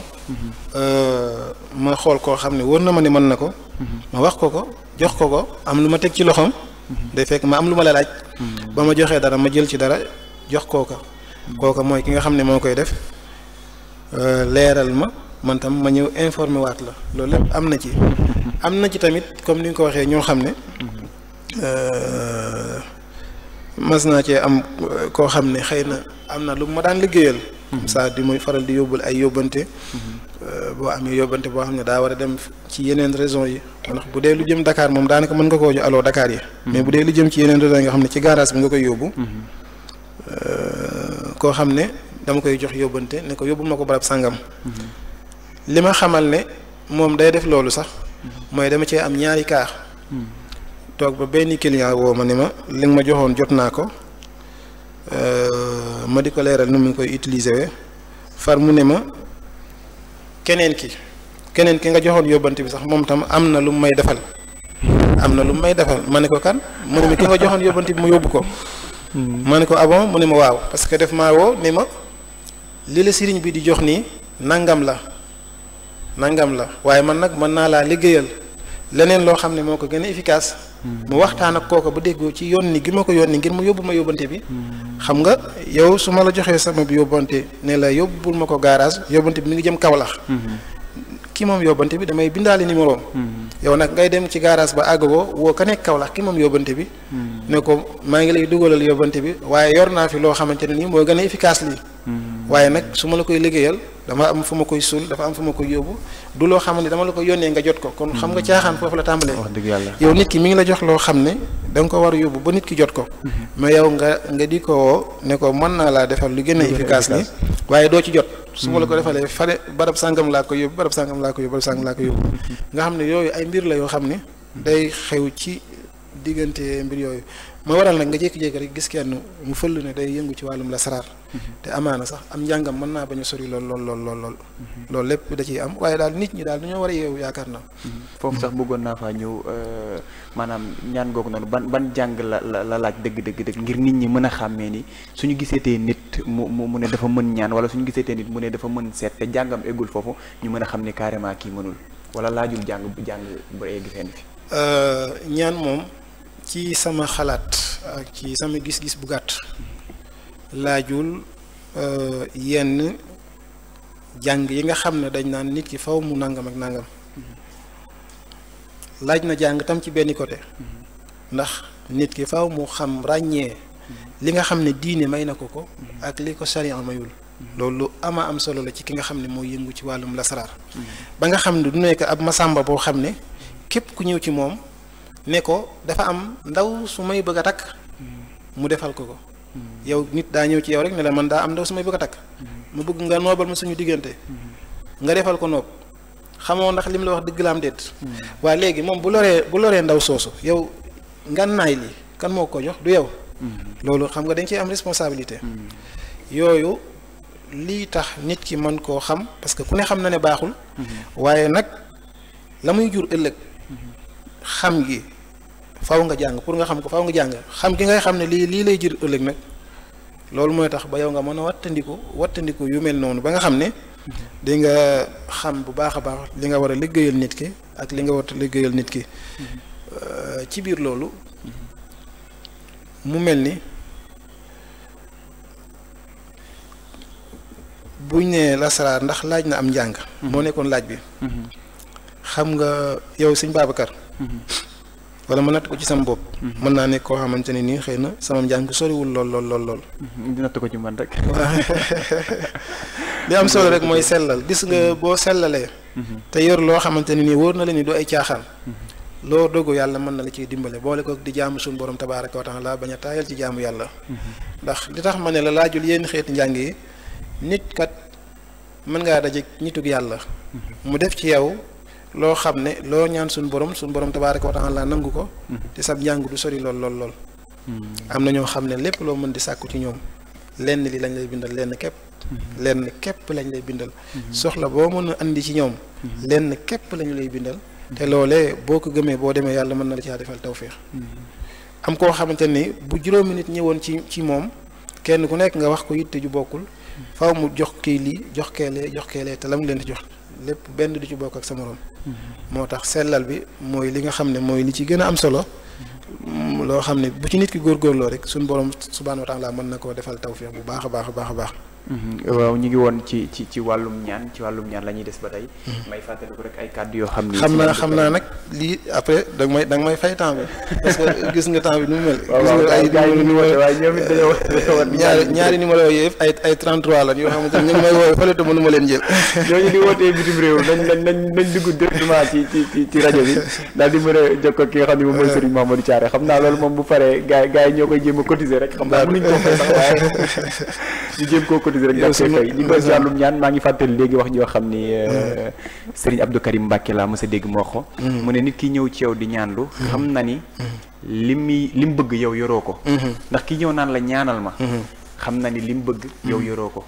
euh, ma xool koo xam ne wóor na ma ne mën na ko ma wax ko ko jox ko ko am lu ma teg ci loxoom day fekk ma am lu ma la laaj mm-hmm. ba ma joxee dara ma jël ci dara jox kooka mm-hmm. kooka mooy ki nga xam ne moo koy def euh, leeral ma man tam ma ñëw informé waat la loolu lépp am na ci mm-hmm. am na ci tamit comme ni nga ko waxee ñoo xam ne euh, mas naa cee am euh, koo xam ne xëy na am na lu ma daan liggéeyal saa di muy faral di yóbbul ay yóbbante mm-hmm. boo amee yóbbante boo xam ne daa war a dem ci yeneen raison yi ndax bu dee lu jëm Dakar moom daanaka mën nga koo jo aloo Dakar yi mm-hmm. mais bu dee lu jëm ci yeneen raison yi nga xam ne ci garage bi nga koy yóbbu mm-hmm. koo xam ne dama koy jox yóbbante ne ko yóbbu ma ko barab sàngam li ma xamal ne moom day def loolu sax mooy dama cee am ñaari kaar toog ba benn client woo ma ne ma li ma joxoon jot naa ko Euh, ma di ko leeral nu mu koy utiliser we far mu ne ma keneen ki keneen ki nga joxoon yóbbante bi sax moom tam am na lu mu may defal am na lu may defal ma ne ko kan mu ne ma ki nga joxoon yóbbante bi mu yóbbu ko ma ne ko abon ah mu ne ma waaw parce que def maa ne ma li la sëriñ bi di jox nii nangam la nangam la waaye man nag mën naa laa liggéeyal leneen loo xam ne moo ko gën a efficace. mu waxtaan ak kooka bu déggoo ci yoon ni gi ma ko yoon ni ngir mu yóbbul ma yóbbante bi. xam nga yow su ma la joxee sama bi yóbbante ne la yóbbul ma ko garage yóbbante bi mi ngi jëm Kaolack. ki moom yóbbante bi damay bindaale numéro yow nag ngay dem ci garage ba àgg woo woo ka ki moom yóbbante bi. ne ko maa ngi lay dugalal yóbbante bi waaye yor naa fi loo xamante ne nii moo gën a efficace lii. waaye nag su ma la koy liggéeyal. dama am fu ma koy suul dafa am fu ma koy yóbbu du loo xam ne dama la ko yónnee nga jot ko kon xam nga mm-hmm. caaxaan foofu la tàmbalee wax dëgg yàlla yow nit ki mu ngi la jox loo xam ne danga ko war a yóbbu ba nit ki jot ko mm-hmm. ma yow nga nga di ko woo ne ko mën naa laa defal lu gën a efficace ni waaye doo ci jot su ma la ko mm-hmm. defalee fane barab sàngam laa ko yóbbu barab sàngam laa ko yóbbu barab sàngam laa ko yóbbu nga xam ne yooyu ay mbir la yoo xam ne day xew ci diggante mbir yooyu mooy waral nag nga jékki-jékki rek gis kenn mu fëll ne day yëngu ci wàllum la lasaraar mhm. te amaana sax am njàngam mën naa bañ a sori lool lool lool lool lool mhm. loolu lépp da ci am waaye daal nit ñi daal dañoo war a yeewu yaakaar naa mhm. foofu sax bëggoon naa faa ñëw euh, maanaam ñaan googu noonu ban ban jàng la la la laaj dëgg dëgg dëgg ngir nit ñi mën a xàmmee ni su ñu gisee giseetee nit mu mu mu ne dafa mën ñaan wala gisee giseetee nit mu ne dafa mën seet te jàngam eggul foofu ñu mën a xam ni carrément kii mënul wala laajul jàng jàng bu egg fenn euh, ñaan moom ci sama xalaat ak ci sama gis-gis bu gàtt laajul euh, yenn jàng yi nga xam ne dañ naan nit ki faw mu nangam ak nangam laaj na jàng tam ci benn côté ndax nit ki faw mu xam ràññee li nga xam ne diine may na ko ko ak li ko sariya mayul loolu ama am solo la ci ki nga xam ne moo yëngu ci wàllum lasaraar mm. ba nga xam ne du nekk ab masamba boo xam ne képp ku ñëw ci moom ne ko dafa am ndaw su may bëgg a takk mu defal ko ko yow nit daa ñëw ci yow rek ne man daa am ndaw su may bëgg a takk mu bëgg nga noobal ma suñu diggante nga defal ko noob xamoo ndax li mu la wax dëgg la am déet waa léegi moom bu loree bu loree ndaw soosu yow ngànnaay li kan moo ko jox du yow loolu xam nga dañ ciy am responsabilité yooyu lii tax nit ki mën koo xam parce que ku ne xam na ne baaxul mm-hmm. waaye nag la muy jur ëllëg xam gi faw nga jàng pour nga xam ko faw nga jàng xam gi ngay xam ne lii lii lay jër ëllëg nag loolu mooy tax ba yow nga mën a wattandiku wattandiku yu mel noonu ba nga xam ne mhm. di nga xam bu baax a baax li nga war a liggéeyal nit ki ak li nga war a liggéeyal nit ki mhm. ci biir loolu mu mel ni buñ la lasaraar ndax laaj na am njàng mhm. moo nekkoon laaj bi xam nga yow sëñ Babacar wala ma natt ko ci sama bopp. mën naa nekk koo xamante ne nii xëy na sama njàng soriwul lool lool lool lool. di ko ci man rek. li am solo rek mooy sellal gis nga boo sellalee. te yor loo xamante ni nii wóor na la ni du ay caaxaan. loo dogu yàlla mën na la ciy dimbale boole ko di jaamu suñu borom tabaaraka wa laa bañ a taayal ci jaamu yàlla. ndax di tax ma ne la laajul yenn xeeti njàng yi nit kat mën ngaa daje nitug yàlla. mu def ci yow loo xam ne loo ñaan suñu borom suñu borom tabaaraka wa laa nangu ko mhm. te sab njàng du sori lool lool lool hmm. am na ñoo xam ne lépp loo mën di sàkku ci ñoom lenn li lañ lay bindal lenn képp hmm. lenn képp lañ lay bindal hmm. soxla boo mën a andi ci ñoom lenn képp lañu lay bindal te loolee boo ko gëmee boo demee yàlla mën na la caa defal tawféex am koo xamante ni bu juróomi nit ñëwoon ci ci moom kenn ku nekk nga wax ko yitte ju bokkul faw mu jox kii lii jox keelee jox keelee te la mu leen di jox lépp benn du ci bokk ak sa morom. moo tax sellal bi mooy li nga xam ne mooy li ci gën a am solo. loo xam ne bu ci nit ki góor góorgóorloo rek suñu borom subhaanahu wa mën na koo defal tawfiix bu baax a baax a baax a baax. Mm-hmm. waaw ñu ngi woon ci ci ci wàllum ñaan ci wàllum ñaan la ñuy des ba tey. Mm-hmm. may fàttaliku rek ay kàddu yoo xam. ni xam naa xam naa nag lii après da nga may nga may fay temps bi parce que gis la yoo may woowee fële te ma leen jël. ñooñu di wootee bitim réew nañ nañ nañ nañ dugg directement ci ci ci ci rajo bi daal di mën a jokkoo ki nga xam ne moom mooy Serigne Mamadou Thiaré xam naa loolu moom bu paree gars gars yi ñoo koy jéem a cotiser rek xam naa mënuñ koo fay sax waaye ñu jéem koo cotiser maîtrise rek Mbacke kay li doon wàllum ñaan maa ngi fàttali léegi wax joo xam ni euh, Serigne Abdou Karim Mbacke laa mës a dégg moo ko mm. mu ne nit ki ñëw ci yow di ñaanlu mm. xam na ni mm. li muy li mu bëgg yow yoroo ko mm-hmm. ndax ki ñëw naan la ñaanal ma mm-hmm. xam na ni li mu bëgg yow mm-hmm. yoroo ko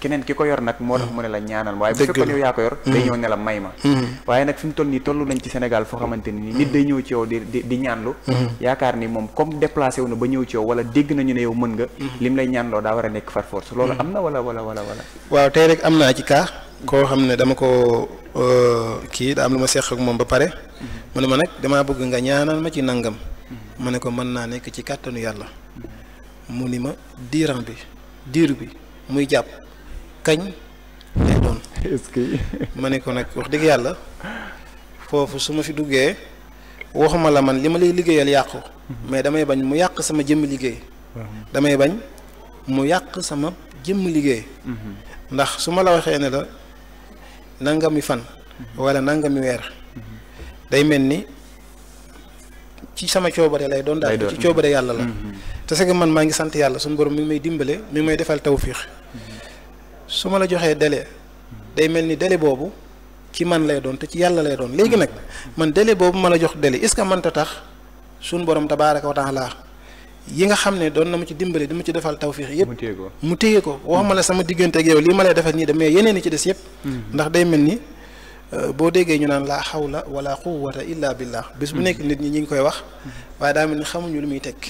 keneen ki ko yor nag moo tax mu ne la ñaanal waaye bu fekkoon yow yaa ko yor mm-hmm. day ñëw ne la may ma mm-hmm. waaye nag fi toll nii toll nañ ci Sénégal foo xamante ni nit day ñëw ci yow di ñaanlu mm-hmm. yaakaar ni moom comme déplacé wu na ba ñëw ci yow wala dégg nañu ne yow mën nga lim lay ñaanloo daa war a nekk far force loolu am na wala waaw tey rek am naa ci kaa koo xam ne dama ko euh, kii daa am lu ma seex ak moom ba pare mu ne ma nag damaa bëgg nga ñaanal ma ci nangam ma ne ko mën naa nekk ci kàttanu yàlla mu ni ma diiran bi diir bi muy jàpp kañ lay ma ne ko nag wax dëgg yàlla foofu su ma fi duggee waxuma la man li ma lay liggéeyal yàqu. mais damay bañ mu yàq sama jëmm liggéey. bañ mu yàq sama jëmm liggéey. Mhm. ndax su ma la waxee ne la nangami fan. Mhm. wala nangami weer. day mel ni ci sama coobare lay doon daal ci coobare yàlla la. Mhm. te c'est man maa ngi sant yàlla su borom mi may dimbale mi may defal tawfiix su ma la joxee délai day mel ni délai boobu ci man lay doon te ci yàlla lay doon léegi nag man délai boobu ma la jox délai est-ce que mënta tax suñ borom tabaaraka wa taala yi nga xam ne doon na ma ci dimbali di mu ci defal tawfiix yëpp mu téye ko waxuma la sama diggante ak yow lii ma lay defal nii de mais yeneen yi ci des yëpp mm-hmm. ndax day mel ni euh, boo déggee ñu naan laa xawla wala quwwata illa billah bis mu mm-hmm. nekk nit ñi ñu ngi koy wax mm-hmm. waaye daa mel ni xamuñu lu muy tekk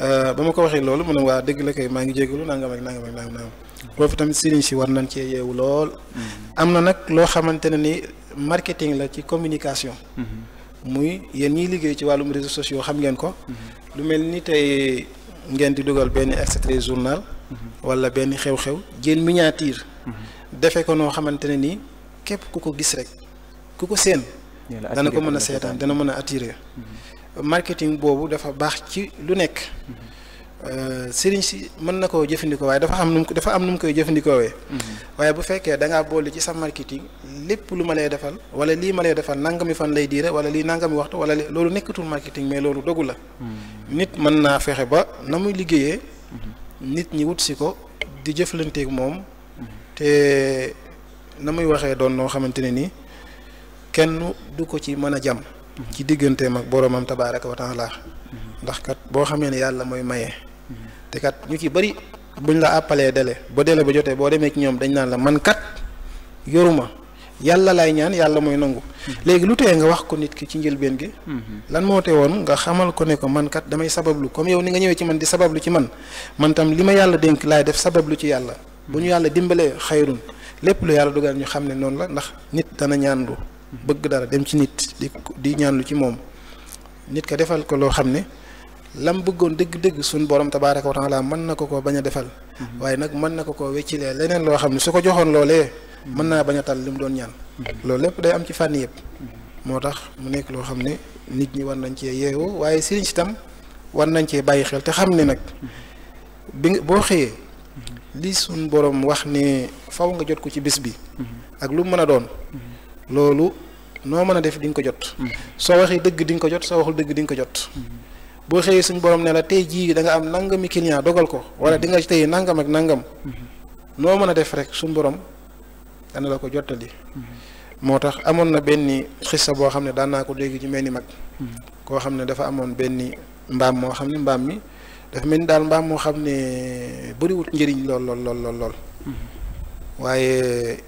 Euh, ba ma ko waxee loolu mën ne waa dëgg la kay maa ngi jégalu nanga ak nangam ak nangam foofu tamit sëriñ si war nañ cee yeewu lool. Mm-hmm. am na nag loo xamante ne ni marketing la ci communication. Mm-hmm. muy yéen ñiy liggéey ci wàllum réseaux sociaux xam ngeen ko. Mm-hmm. lu mel ni tey ngeen di dugal benn extrait journal. wala benn xew-xew jël miniature. defe ko noo xamante ne ni képp ku ko gis rek ku ko séen. dana ko mën a seetaan dana mën a attirer. marketing boobu dafa baax ci lu nekk euh, sëriñ si mën na koo jëfandikoo waaye dafa am nu ko dafa am nu mu koy jëfandikoowee mhm. waaye bu fekkee da ngaa boole ci sa marketing lépp lu ma lay defal wala lii ma lay defal nangami fan lay diire wala lii nangami waxtu wala loolu nekkatul marketing mais loolu dogu la mhm. nit mën naa fexe ba na muy liggéeye mhm. nit ñi wut si ko di jëflanteeg moom te na muy waxee doon noo xamante ne ni kenn du ko ci mën a jàmm ci digganteem ak boroomam tabaaraka wa taala ndax kat boo xamee ne yàlla mooy maye. te kat ñu ci bëri buñ la àppalee dele ba dele ba jotee boo demee ci ñoom dañ naan la man kat yoruma yàlla lay ñaan yàlla mooy nangu. léegi lu tee nga wax ko nit ki ci njëlbeen gi. lan moo tee woon nga xamal ko ne ko man kat damay sabablu comme yow ni nga ñëwee ci man di sabablu ci man man tam li ma yàlla dénk laay def sabablu ci yàlla. bu ñu yàlla dimbalee xayrun lépp lu yàlla dugal ñu xam ne noonu la ndax nit dana ñaandu bëgg dara dem ci nit di di ñaan lu ci moom nit ka defal ko loo xam ne lam bëggoon dëgg-dëgg suñ borom tabaaraka wa laa mën na ko ko bañ a defal mhm. waaye nag mën na ko ko lee leneen loo xam ne su ko joxoon loolee mhm. mën naa bañ a tal li mu doon ñaan mhm. loolu lépp day am ci fànn yëpp moo tax mu nekk loo xam ne nit ñi war nañ cee yeewu waaye si sëriñ si tam war nañ cee bàyyi xel te xam ne nag bi boo xëyee li suñ borom wax ne faw nga jot ko ci bis bi mën a doon loolu noo mën a def di nga ko jot. soo waxee dëgg di ko jot soo waxul dëgg di ko jot. boo xëyee suñ borom ne la tey jii da nga am nangami client dogal ko wala di nga tey nangam ak nangam. noo mën a def rek suñ boroom dana la ko jottali. moo tax amoon na benn xissa boo xam ne daan naa ko dégg ci mel ni mag. koo xam ne dafa amoon benni mbaam moo xam ne mbaam mi dafa mel ni daal mbaam moo xam ne bëriwul njëriñ lool lool lool lool lool. waaye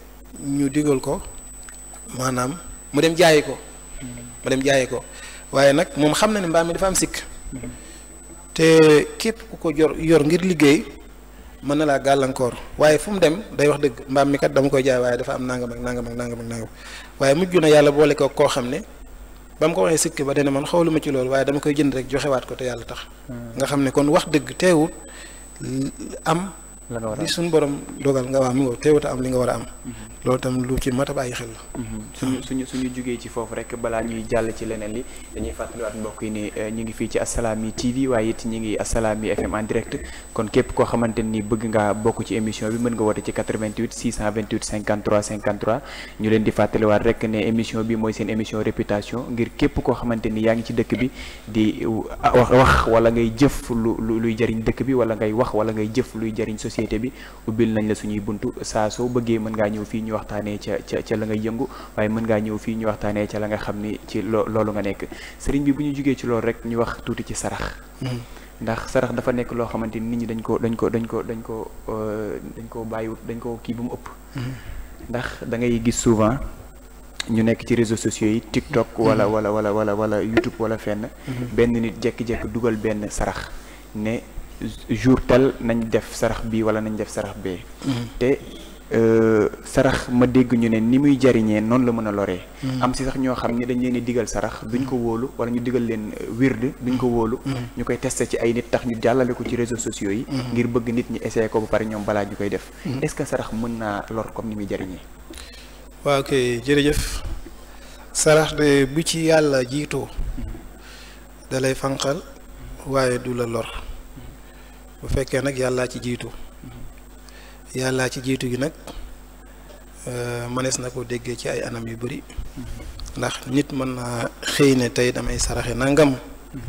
ñu digal ko. maanaam mu dem jaayi ko mu dem jaayi ko waaye nag moom xam na ne mbaam mi dafa am sikk te képp ku ko jor yor ngir liggéey mën na laa gàllankoor waaye fu mu dem day wax dëgg mbaam mi kat dama koy jaay waaye dafa am nangam ak nangam ak nangam ak nangam waaye mujj na yàlla boole ko koo xam ne ba mu ko waxee sikk ba dana man xooluma ci loolu waaye dama koy jënd rek joxewaat ko te yàlla tax hmm. nga xam ne kon wax dëgg teewul am li suñu borom dogal nga wax mi nga a am li nga war a am. Mhm. loolu tam lu ci mat a bàyyi xel la. Mhm. suñu suñu suñu ci foofu rek balaa ñuy jàll ci leneen li dañuy fàttaliwaat mbokk yi ni eh, ñu ngi fii ci Assalaamy TV waaye it ñu ngi Assalaamy FM en direct kon képp koo xamante ni bëgg nga bokk ci émission bi mën nga woote ci 88 628 53 53 ñu leen di fàttaliwaat rek ne émission bi mooy seen émission réputation ngir képp koo xamante ni yaa ngi ci dëkk bi uh, wax wala ngay jëf lu luy jëriñ dëkk bi wala ngay wax wala ngay jëf luy jëriñ société bi ubbil nañ la suñuy buntu saa soo bëggee mën ngaa ñëw fii ñu waxtaanee ca ca la nga yëngu waaye mën ngaa ñëw fii ñu waxtaanee ca la nga xam ni ci loo loolu nga nekk sëriñ bi bu ñu jugee ci loolu rek ñu wax tuuti ci sarax hmm. ndax sarax dafa nekk loo xamante ni nit ñi dañ ko dañ ko dañ ko dañ ko euh, dañ ko bàyyiwut dañ ko kii bu mu ëpp hmm. ndax dangay gis souvent ñu nekk ci réseaux sociaux yi TikTok hmm. wala wala wala wala wala YouTube wala fenn benn nit jekki-jekki dugal benn sarax jour tel nañ def sarax bi wala nañ def sarax bee te euh, sarax ma dégg ñu ne ni muy jariñee noonu la mën a loree mm. am si sax ñoo xam ne dañ leen di digal sarax duñ ko wóolu wala ñu digal leen euh, wirde duñ ko wóolu mm. ñu koy testé ci ay nit tax ñu jàllale ko ci réseau sociaux yi mm. ngir bëgg nit ñi essayé ko ba pare ñoom balaa ñu koy def est-ce que sarax mën naa lor comme ni muy jariñee waaw kay jërëjëf sarax de bu ci yàlla jiitoo mm-hmm. dalay fanqal waaye du la lor bu fekkee nag yàllaa ci jiitu yàllaa ci jiitu gi nag euh, mënees na koo déggee ci ay anam yu bari ndax nit mën naa xëy ne tey damay saraxe nangam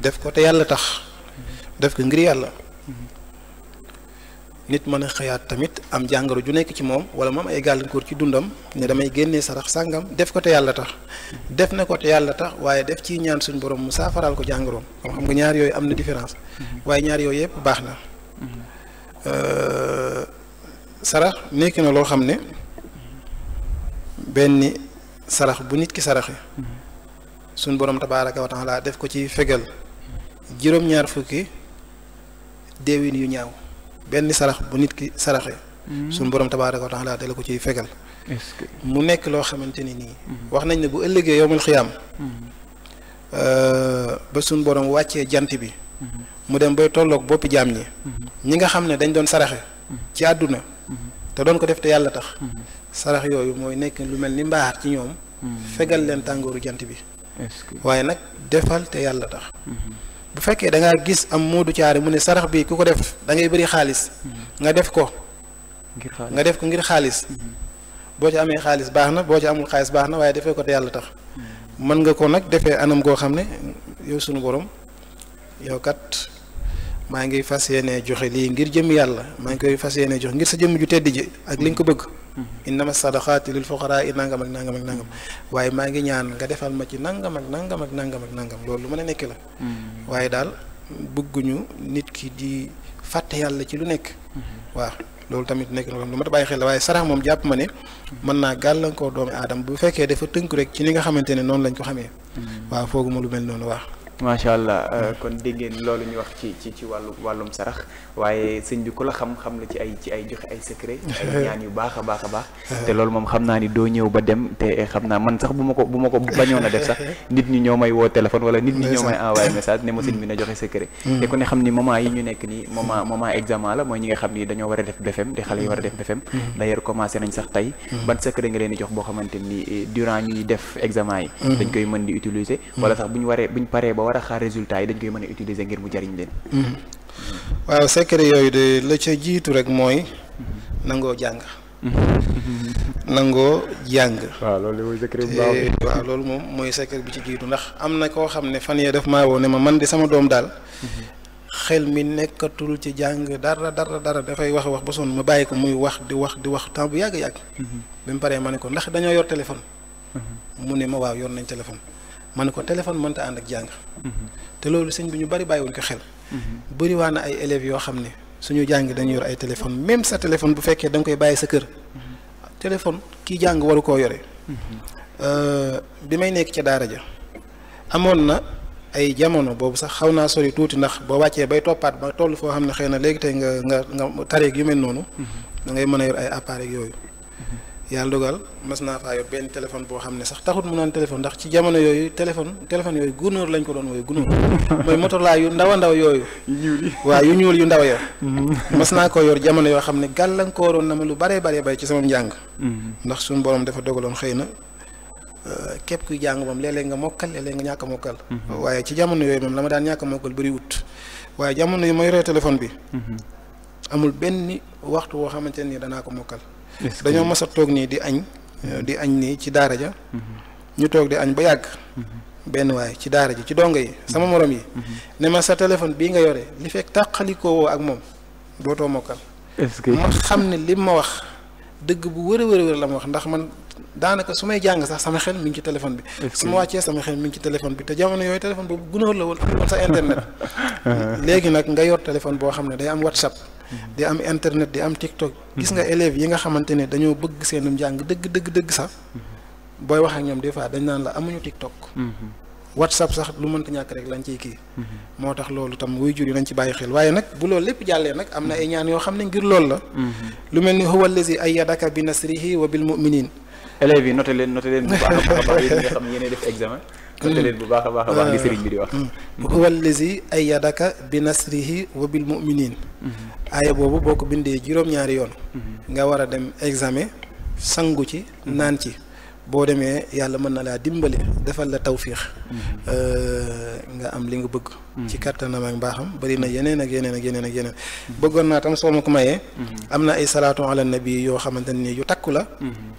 def ko te yàlla tax def ko ngir yàlla nit mën a xëyaat tamit am jàngoro ju nekk ci moom wala moom ay gàllankoor ci dundam damay génnee sarax sàngam def ko te yàlla tax def na ko yàlla tax waaye def ciy ñaan suñu borom mu saafaraal ko jàngoroom xam nga ñaar yooyu am na différence waaye ñaar yooyu yëpp baax na Euh, sarax nekk na loo xam ne benn sarax bu nit ki saraxe suñ borom tabaaraka wa taala def ko ci fegal juróom-ñaar fukki déewin yu ñaaw benn sarax bu nit ki saraxe mm-hmm. suñ borom tabaaraka wa taala dala ko ciy fegal mu nekk loo xamante ni nii mm-hmm. wax nañ ne bu ëllëgee yowmal xiyaam mm-hmm. euh, ba suñ borom wàccee jant bi mu dem bay tollook boppi jaam ñi ñi nga xam ne dañ doon saraxe ci àdduna te doon ko def te yàlla tax sarax yooyu mooy nekk lu mel ni mbaax ci ñoom fegal leen tàngooru jant bi waaye nag defal te yàlla tax bu fekkee da ngaa gis am moodu caari mu ne sarax bii ku ko def da ngay bëri xaalis nga def ko nga def ko ngir xaalis boo ci amee xaalis baax na boo ci amul xaalis baax na waaye defee ko te yàlla tax mën nga ko nag defee anam koo xam ne yow sunu borom yow kat maa ngi fas yéene joxe lii ngir jëm yàlla maa ngi koy fas yéene joxe ngir sa jëmm ju tedd ji ak li nga ko bëgg. Mm-hmm. innama ma lil fuqaraa i nangam ak nangam ak nangam waaye maa ngi ñaan nga defal ma ci nangam ak nangam ak nangam nangam loolu lu mën a nekk la. Mm-hmm. waaye daal bëgguñu nit ki di fàtte yàlla ci lu nekk. Mm-hmm. waaw loolu tamit nekk na lu ma bàyyi xel la waaye sarax moom jàpp ma ne. mën naa gàllankoor doomi aadama bu fekkee dafa tënk rek ci li nga xamante ne noonu lañ ko xamee. waa fooguma lu mel noonu waaw. macha allah euh, kon dégg ngeen loolu ñu wax ci ci ci wàllum sarax waaye sëñ bi ku la xam xam la ci ay joxe ay secret ñaan yu baax a baax a baax te loolu moom xam naa ni doo ñëw ba dem te eh, xam naa man ma ko bu ma ko bañoon a def sax nit ñi ñoo may woo téléphone wala nit ñi ñoo may envoyé message ne ma sëñ bi na joxe secret mm. te ku ne xam ni moment yi ñu nekk nii moment examen la mooy ñi nga xam ni dañoo war a def BFEM di xale yi war a def BFEM mm. e mm. d'ailleurs commencé nañ sax tey ban secret nga leen jox boo xamante ni eh, durant ñuy def examen yi dañ koy mën di utiliser war a xaar résultat yi dañ koy mën a utiliser ngir mu jariñ leen. Mhm. waaw secret yooyu de la ca jiitu rek mooy nangoo jàng. Mhm. nangoo jàng. waaw loolu mooy eh, loolu moom mooy secret bi ci jiitu ndax am na koo xam ne fan yee daf maa woo ne ma man di sama doom daal. xel mi nekkatul ci jàng dara dara dara dafay wax wax ba sonn ma bàyyi ko muy wax di wax di wax temps bu yàgg yàgg. bi mu paree ma ne ko ndax dañoo yor téléphone. Mhm. mu ne ma waaw yor nañ téléphone. ma ko téléphone mënta ànd ak jàng. Mhm. te loolu sëñ bi ñu bari bàyyi wuñ ko xel. Mhm. bëri na ay élèves yoo xam ne suñu jàng dañuy yor ay téléphone même sa téléphone bu fekkee da nga koy bàyyi sa kër. Mhm. téléphone kii jàng waru koo yore. Euh, bi may nekk ca daara ja amoon na ay jamono boobu sax xaw naa sori tuuti ndax boo wàccee bay toppaat ba toll foo xam ne xëy na léegi tey nga nga nga tareeg yu mel noonu. da ngay mën a yor ay appareil yooyu. yaa dogal mas naa faa yor benn téléphone boo xam ne sax taxut mu naan téléphone ndax ci jamono yooyu téléphone téléphone yooyu gunóor lañ ko doon wooyu gunóor mooy motolaa yu ndaw a ndaw yooyu waaw yu ñuul yu ndaw ya mm-hmm. mas naa ko yor jamono yoo xam ne gàllankooroon na ma lu baree baree bay ci sama njàng mm-hmm. ndax suñu borom dafa dogaloon xëy na euh, képp kuy jàng moom léeg nga mokkal léeg ñàkk a mm-hmm. waaye ci jamono yooyu moom la daan ñàkk a mokkal bëri wut waaye jamono yi ma yoree téléphone bi amul benn waxtu woo xamante nii danaa ko mokkal dañoo mas toog nii di añ euh, di añ nii ci daara ja mhm. ñu toog di añ ba yàgg mhm. benn waay ci daara ji ci dongo yi sama mhm. morom yi ne ma sa téléphone bii nga yore li fekk tàqalikoo woo ak moom dootoo mokkal ma xam ne li ma wax dëgg bu wër a la ma wax ndax man daanaka su may jàng sax sama xel mi ngi ci téléphone bi su ma wàccee sama xel mi ngi ci téléphone bi te jamono yooyu téléphone boobu gunóor la woon amoon sa internet léegi nag nga yor téléphone boo xam ne day am whatsapp di am internet di am TikTok. gis nga élèves yi nga xamante ne dañoo bëgg seenu njàng dëgg dëgg dëgg sax. booy wax ak ñoom des fois dañ naan la amuñu TikTok. WhatsApp sax lu mënta ñàkk rek lañ ciy kii. moo tax loolu tam wuy jur yi nañ ci bàyyi xel waaye nag bu loolu lépp jàllee nag am na ay ñaan yoo xam ne ngir loolu la. lu mel ni huwa allazi ayyadaka bi nasrihi wa bil mu'minin. élèves yi noté leen noté leen bu baax a baax yéen ñi nga xam ne yéenay def examen. sant leen bu baax a baax a baax li sëriñ bi di wax mm. bi nasrihi wa bil mu'minin mm-hmm. aaya boobu boo ko bindee juróom-ñaari yoon mm-hmm. nga war a dem examen sangu ci mm-hmm. naan ci boo demee yàlla mën na laa dimbali defal la tawfiix euh, nga am li nga bëgg ci kattanam ak mbaaxam bari na yeneen ak yeneen ak yeneen ak yeneen bëggoon naa tam soo ma ko mayee am na ay salaatu ala nabi yoo xamante yu takku la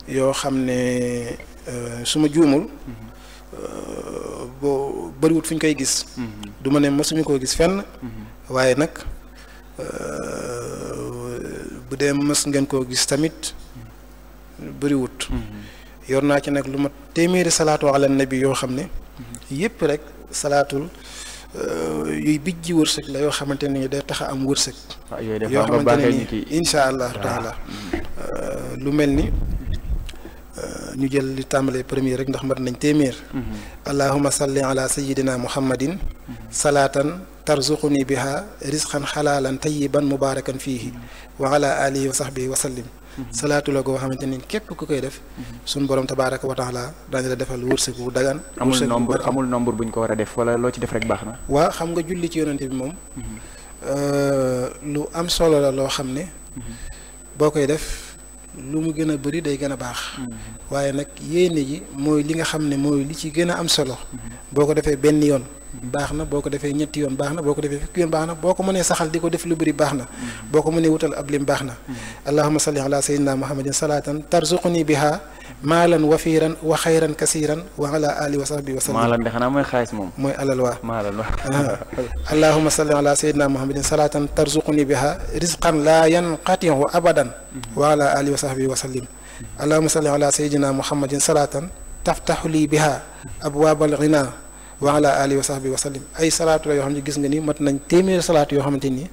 yoo xam ne euh, su ma juumul Euh, boo bëriwut fu ñu koy gis. Mm-hmm. du ma ne mosuñu koo gis fenn. Mm-hmm. waaye nag euh, bu dee mës ngeen koo gis tamit mm-hmm. bariwut yor naa ci nag lu ma téeméeri salaatu ala bi yoo xam ne. yépp rek salaatul euh, yuy bijji wërsëg la yoo xamante ni day tax am wërsëg. Ah, yoo xamante ne nii allah ah. taala lu mel ni. ñu jël li tàmbalee premier rek ndax mat nañ téeméer mhm. allahuma salli ala sayidina muhammadin mhm. salaatan tarzuquni biha risqan xalaalan tayiban mubarakan fiihi wa ala alihi wa sahbihi wa sallim mhm. salaatu la goo xamante ni képp ku koy def suñ borom tabaraka wa taala daañu la defal wërsëg bu dagan amul nombre amul nombre buñ ko war a def wala loo ci def rek baax na waa xam nga julli ci yonante bi moom euh, lu am solo la loo xam ne boo koy def lu mu gën a bëri day gën a baax mm-hmm. waaye nag yéene ji mooy li nga xam ne mooy li ci gën a am solo mm-hmm. boo ko defee benn yoon mm-hmm. baax na boo ko defee ñetti yoon baax na boo ko defee fukki yoon baax na boo ko mënee saxal di ko def lu bëri baax na boo ko mënee wutal ab lim baax na allahumma salli ala sayyidina muhammadin salatan bi biha maalan wafiiran wa xayran kasiiran wa ala alihi wa sahbihi wa sallam maalan de xanaa mooy xaalis moom mooy alal waa maalan waa ah. allahuma salli ala sayyidina muhammadin salaatan tarzuquni biha rizqan laa yanqatihu abadan wa ala alihi wa sahbihi wa sallim allahuma salli ala sayyidina muhammadin salaatan taftaxu lii biha abwaabal ghina wa ala alihi wa sahbihi wa sallim ay salaatu la yoo xam ne gis nga nii mat nañ téeméer salaat yoo xamante ni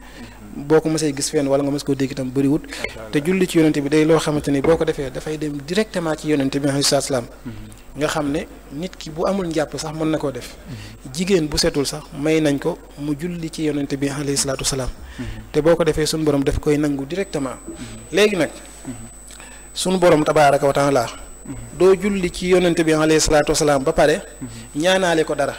boo ko mësee gis fenn wala nga mës koo dégg itam bëriwut te julli ci yonente bi day loo xamante ni boo ko defee dafay dem directement ci yonente bi alayhi salaam mhm. nga xam ne nit ki bu amul njàpp sax mën na koo def jigéen bu setul sax may nañ ko mu julli ci yonente bi alayhi salaatu salaam mhm. te boo ko defee suñu borom daf koy nangu directement mhm. léegi nag suñu borom tabaaraka wa taala doo julli ci yonente bi alayhi salaatu salaam ba pare ñaanaale ko dara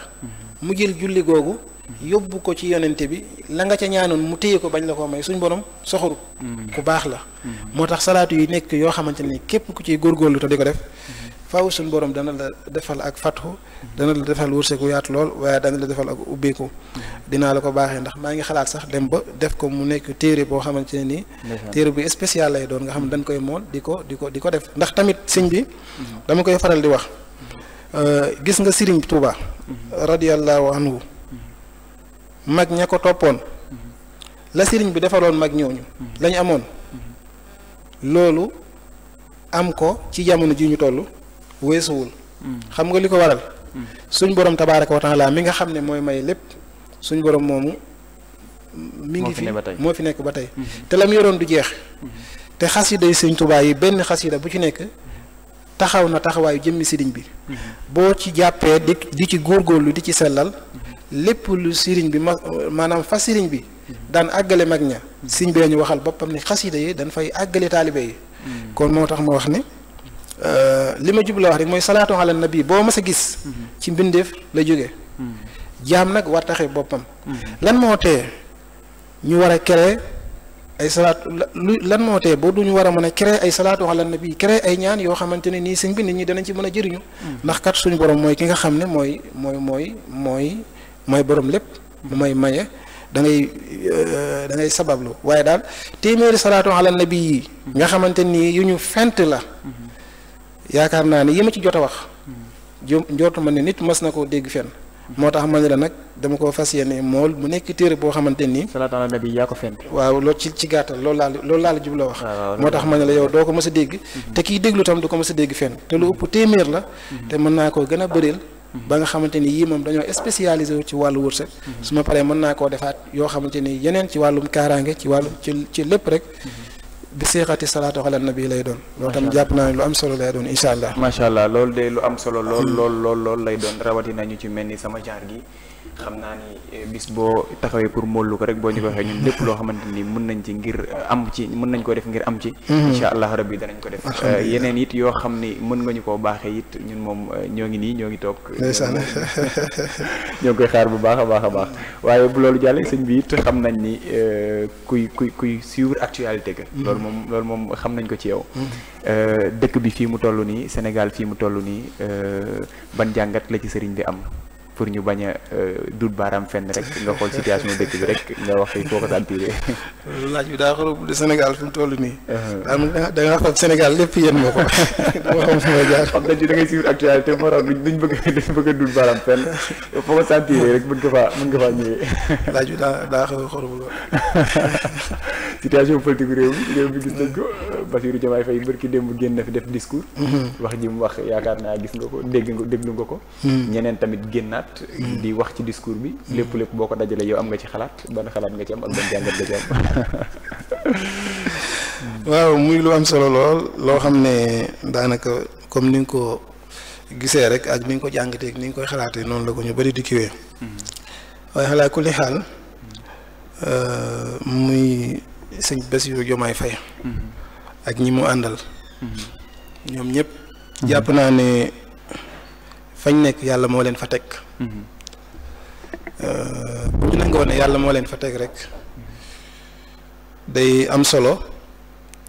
mu jël julli googu yóbbu ko ci yonente bi la nga ca ñaanoon mu téye ko bañ la koo may suñ borom soxoru mm. ku baax la mm. moo tax salaatu yi nekk yoo xamante ne képp ku ciy góorgóorlu te di ko def mm-hmm. faaw suñ borom dana la defal ak fatxu dana la defal wërsëgu yaat lool waaye dana la defal ak ubbeeku mm-hmm. dinaa la ko baaxee ndax maa ngi xalaat sax dem ba def ko mu nekk téere boo xamante ne nii téere bu spécial lay doon nga xam dañ koy mool di ko di ko di ko def ndax tamit sëñ bi mm-hmm. dama koy faral di wax euh, gis nga Sëriñ Tuuba radiyallahu anhu mag ña ko toppoon la sëriñ bi defaloon mag ñooñu lañu amoon loolu am ko ci jamono ji ñu toll weesuwul xam nga li ko waral suñ borom tabaaraka wa mi nga xam ne mooy may lépp suñ borom moomu mi ngi fi moo fi nekk ba tey te la mu yoroon du jeex te xasida yi sëñ Tuubaa yi benn xasida bu ci nekk taxaw na taxawaayu jëmmi siriñ bi boo ci jàppee di di ci góorgóorlu di ci sellal lépp lu sëriñ bi ma maanaam fa sëriñ bi daan àggale mag ña sëriñ bi ñu waxal boppam ni xasida yi dañ fay àggale taalibe yi hmm. kon moo tax ma wax ne euh, li ma jubla wax rek mooy salaatu ala nabi boo mas a gis hmm. ci mbindeef la jóge hmm. jaam nag war taxe boppam lan moo ñu war a créer ay salaat lu lan moo tee boo duñu war a mën a créer ay salaatu na nabi créer ay ñaan yoo xamante ne nii sëñ bi ñi danañ ci mën a jëriñu ndax kat suñu borom mooy ki nga xam ne mooy mooy mooy mooy mooy boroom lépp mu may maye dangay ngay euh, da sabablu waaye daal téeméeri salaatu ala nabi yi nga xamante ni yu ñu fent la yaakaar naa ne yi ma ci jot a wax jom njortu ma ne nit mas na koo dégg fenn moo tax ma ne la nag dama koo fas yéene mool mu nekk téere boo xamante nii salaatu ala nabi yaa ko fent waaw loolu ci ci gàttal loolu laa loolu laal la wax moo tax ma ne la yow doo ko mës a dégg mhm. te kiy déglu tam du ko mës a dégg fenn te lu ëpp téeméer la mhm. te naa koo gën a bëreel ba nga xamante ni yii moom dañoo spécialisé wu ci wàllu wërsëg su ma paree mën naa koo defaat yoo xamante ni yeneen ci wàllum kaaraange ci wàllu ci ci lépp rek bi seexati salaatu ala nabi lay doon loo tam jàpp naa ne lu am solo lay doon incha allah macha allah loolu de lu am solo lool lool lool lay doon rawatina ñu ci mel ni sama jaar gi xam naa ni eh, bis boo taxawee pour mollu ko rek boo ñu ko waxee ñun lépp loo xamante ni mën nañ ci ngir am ci mën nañ ko def ngir am ci mm-hmm. incha allah rabbi danañ ko def eh, yeneen it yoo xam ni mën nga ñu koo baaxee it ñun moom eh, ñoo ngi nii ñoo ngi toog ñoo koy xaar bu baax a baax a baax waaye bu loolu jàllee sëñ bi it xam nañ ni kuy kuy kuy suivre actualité ga mm-hmm. loolu moom loolu moom xam nañ ko ci yow mm-hmm. dëkk bi fii mu toll nii Sénégal fii mu toll nii ban jàngat la ci sëriñ bi am pour ñu bañ a euh, dut baaraam fenn rek nga xool situation dëkk bi rek nga wax fii foo ko salpiré. laaj bi daa xarobu de Sénégal fi mu nii. Uh-huh. daanaka da ngaa lépp yéen nga ko dama xam sama jaar. xam nañ ci da ngay suivre actualité moo tax duñ bëgg duñ bëgg dut baaraam fenn foo ko salpiré rek mën nga faa mën ñëwee. laaj bi daa daa xarobu xorobu lool. situation politique réew mi réew mi gis nañ ko Bassirou Diomaye Faye bërki démb génn na fi def discours. Mm-hmm. wax ji wax yaakaar naa gis nga ko dégg nga déglu nga ko. Mm-hmm. ñeneen tamit génnaat xalaat. di wax ci discours bi. lépp lépp boo ko dajalee yow am nga ci xalaat ban xalaat nga ci am ak ban jàngat nga ci am. waaw muy lu am solo lool loo xam ne daanaka comme ni ko gisee rek ak ni ko jàngatee ak ni nga koy xalaatee noonu la ko ñu bari di kiwee. Mm-hmm. waaye xalaat ku li xaal euh, muy sëñ Bassirou Diomaye Faye mm-hmm. ak ñi mu àndal. Mm-hmm. ñoom ñépp jàpp naa ne fañ nekk yàlla moo leen fa teg. Euh, bu ñu nangoo ne yàlla moo leen fa teg rek day am solo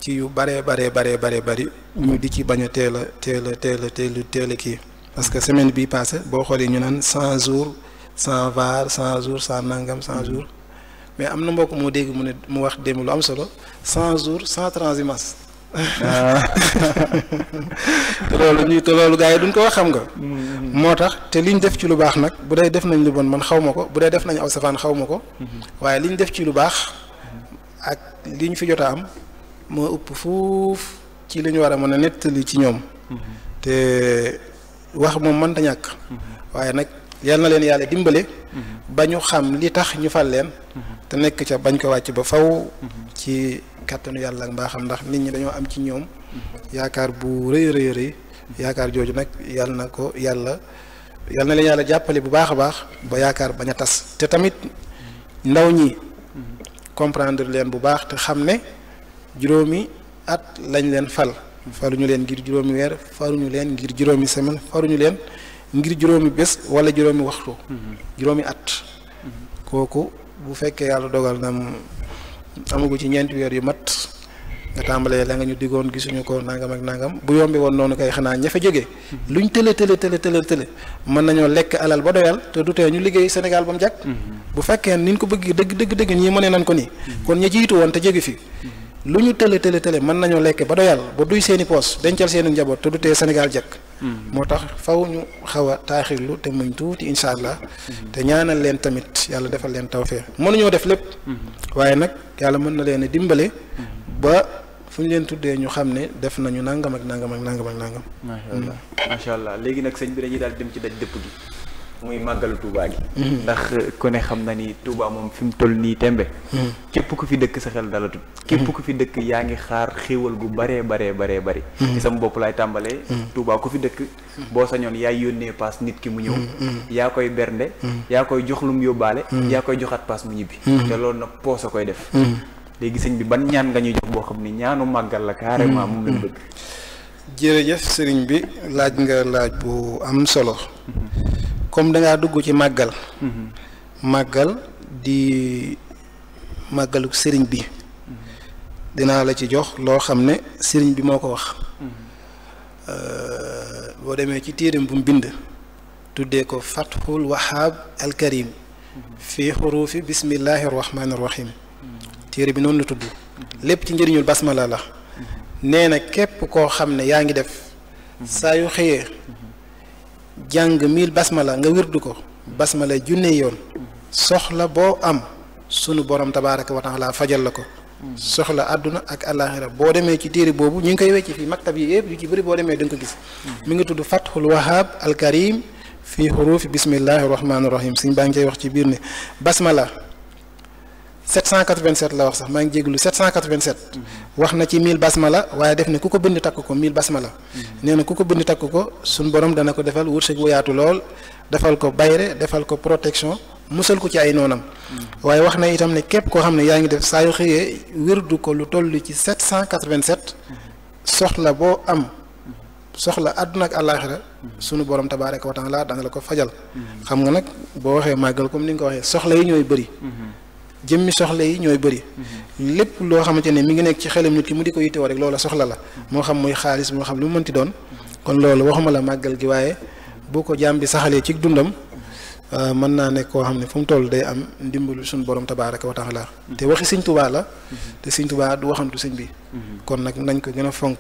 ci yu baree baree baree baree bari ñu di ci bañ a teel a teel a teel a teel teel a kii parce que semaine bii passé boo xoolee ñu naan cent jours cent var cent jours cent nangam cent jours mais am na mbokk moo dégg mu ne mu wax démb lu am solo cent jours cent transhumance Ah. loolu ñuy loolu gars yi duñ ko wax xam nga. Mm-hmm. moo tax te liñ def ci lu baax nag bu dee def nañ lu bon man xaw ma ko bu dee def nañ aw safaan xaw ma ko. Mm-hmm. waaye li ñu def ci lu baax ak ñu fi jot a am moo ëpp fuuf ci li ñu war a mën a nettali ci ñoom. Mm-hmm. te wax moom mënta ñàkk. waaye nag. yal na leen yàlla dimbale mhm. ba ñu xam li tax ñu fal leen mhm. te nekk ca bañ ko wàcc ba faw mhm. ci kàttanu yàlla ak mbaaxam ndax nit ñi dañoo am ci ñoom yaakaar bu rëy rëy rëy yaakaar jooju nag yàlla na ko yàlla yàlla na leen yàlla jàppale bu baax a baax ba yaakaar bañ a tas te tamit ndaw ñi comprendre leen bu baax te xam ne juróomi at lañ leen fal faluñu leen ngir juróomi weer faruñu leen ngir juróomi semaine faluñu leen ngir juróomi bés wala juróomi waxtu. Mhm. juróomi at. Mhm. kooku bu fekkee yàlla dogal na amagu ci ñeenti weer yu mat nga tàmbalee la nga ñu diggoon gisuñu ko nangam ak nangam bu yombi woon noonu kay xanaa ña fa jógee mhm. luñ tële tële tële tële tële mën nañoo lekk alal ba doyal te du tee ñu liggéey Sénégal ba mu bu fekkee ni ñu ko bëgg dëgg dëgg dëgg ñii mënee nañ ko nii. kon ña jiitu woon te jóge fi. lu ñu tële tële tële mën nañoo lekk ba doyal ba duy seeni i poos dencal seen i njaboot te du tee jekk. Hmm. moo tax faw ñu xaw a taaxirlu te muñ tuuti incha allah. Hmm. te ñaanal leen tamit yàlla defal leen tawféer mënuñoo def lépp. Hmm. waaye nag yàlla mën na leen a dimbale. ba fu ñu leen tuddee ñu xam ne def nañu nangam ak nangam ak nangam ak nangam. macha allah macha allah léegi nag sëñ bi dañuy daal dem ci daj dëpp gi. muy màggal Touba gi. Mm-hmm. ndax ku ne xam na ni Touba moom fi mu toll nii tembe. Mm-hmm. képp ku fi dëkk sa xel dalatul. Mm-hmm. képp ku fi dëkk yaa ngi xaar xéewal gu baree baree baree bari. sama bopp laay tàmbalee. Touba ku fi dëkk. boo sañoon yaay yónnee paas nit ki mu ñëw. yaa koy bernde. yaa koy jox lu mu yóbbaale. yaa koy joxaat paas mu ñibbi. te loolu nag poos a koy def. léegi sëñ bi ban ñaan nga ñu jox boo xam ni ñaanu màggal la carrément moom lañ bëgg. jërëjëf sëriñ bi laaj nga laaj bu am solo. comme danga dugg ci màggal. Mhm. màggal di màggalu sëriñ bi. dinaa la ci jox loo xam ne sëriñ bi moo ko wax. Mhm. Euh, boo demee ci téeram bu mu bind. tuddee ko Fathul Wahab al Karim. Mhm. fii xuruufi bismillahi rahmaani rahim. bi noonu la tudd. lépp ci njëriñul basmala la. nee na képp koo xam ne yaa ngi def. saa yu xëyee. jàng mille basmala nga wirdu ko basmala junnee yoon soxla boo am sunu borom tabaaraka wa laa fajal la ko soxla àdduna ak àllaaxira boo demee ci téere boobu ñu ngi koy wecc fii maktab yi yëpp yu ci bari boo demee da ko gis mu ngi tudd fathul wahab al karim fii xuruufi bismillahi rahmaani rahim suñ baa ngi koy wax ci biir ne basmala 787 la wax sax maa ngi jéglu 787. wax na ci 1000 la waaye def ne ku ko bind takk ko 1000 basmala. nee na ku ko bind takk ko suñ borom dana ko defal wërsëg bu yaatu lool defal ko bayre defal ko protection musal ko ci ay noonam. waaye wax na itam ne képp koo xam ne yaa ngi def saa yu xëyee wirdu ko lu toll ci 787. soxla boo am. soxla àdduna ak àllaaxira sunu borom tabaaraka wa taala dana la ko fajal. xam nga nag boo waxee màggal comme ni nga ko waxee soxla yi ñooy bëri. jëmmi soxla yi ñooy bëri lépp loo xamante ne mi ngi nekk ci xelam nit ki mu di ko yittewoo rek loola soxla la moo xam muy xaalis moo xam lu mu mënti doon kon loolu waxuma la màggal gi waaye boo ko jaam bi saxalee ci dundam euh, mën naa nekk koo xam ne fu mu toll day am ndimbalu suñu borom tabaaraka wa taala te waxi sëñ tubaa la te sëñ tubaa du waxantu sëñ bi kon nag nañ ko gën a fonk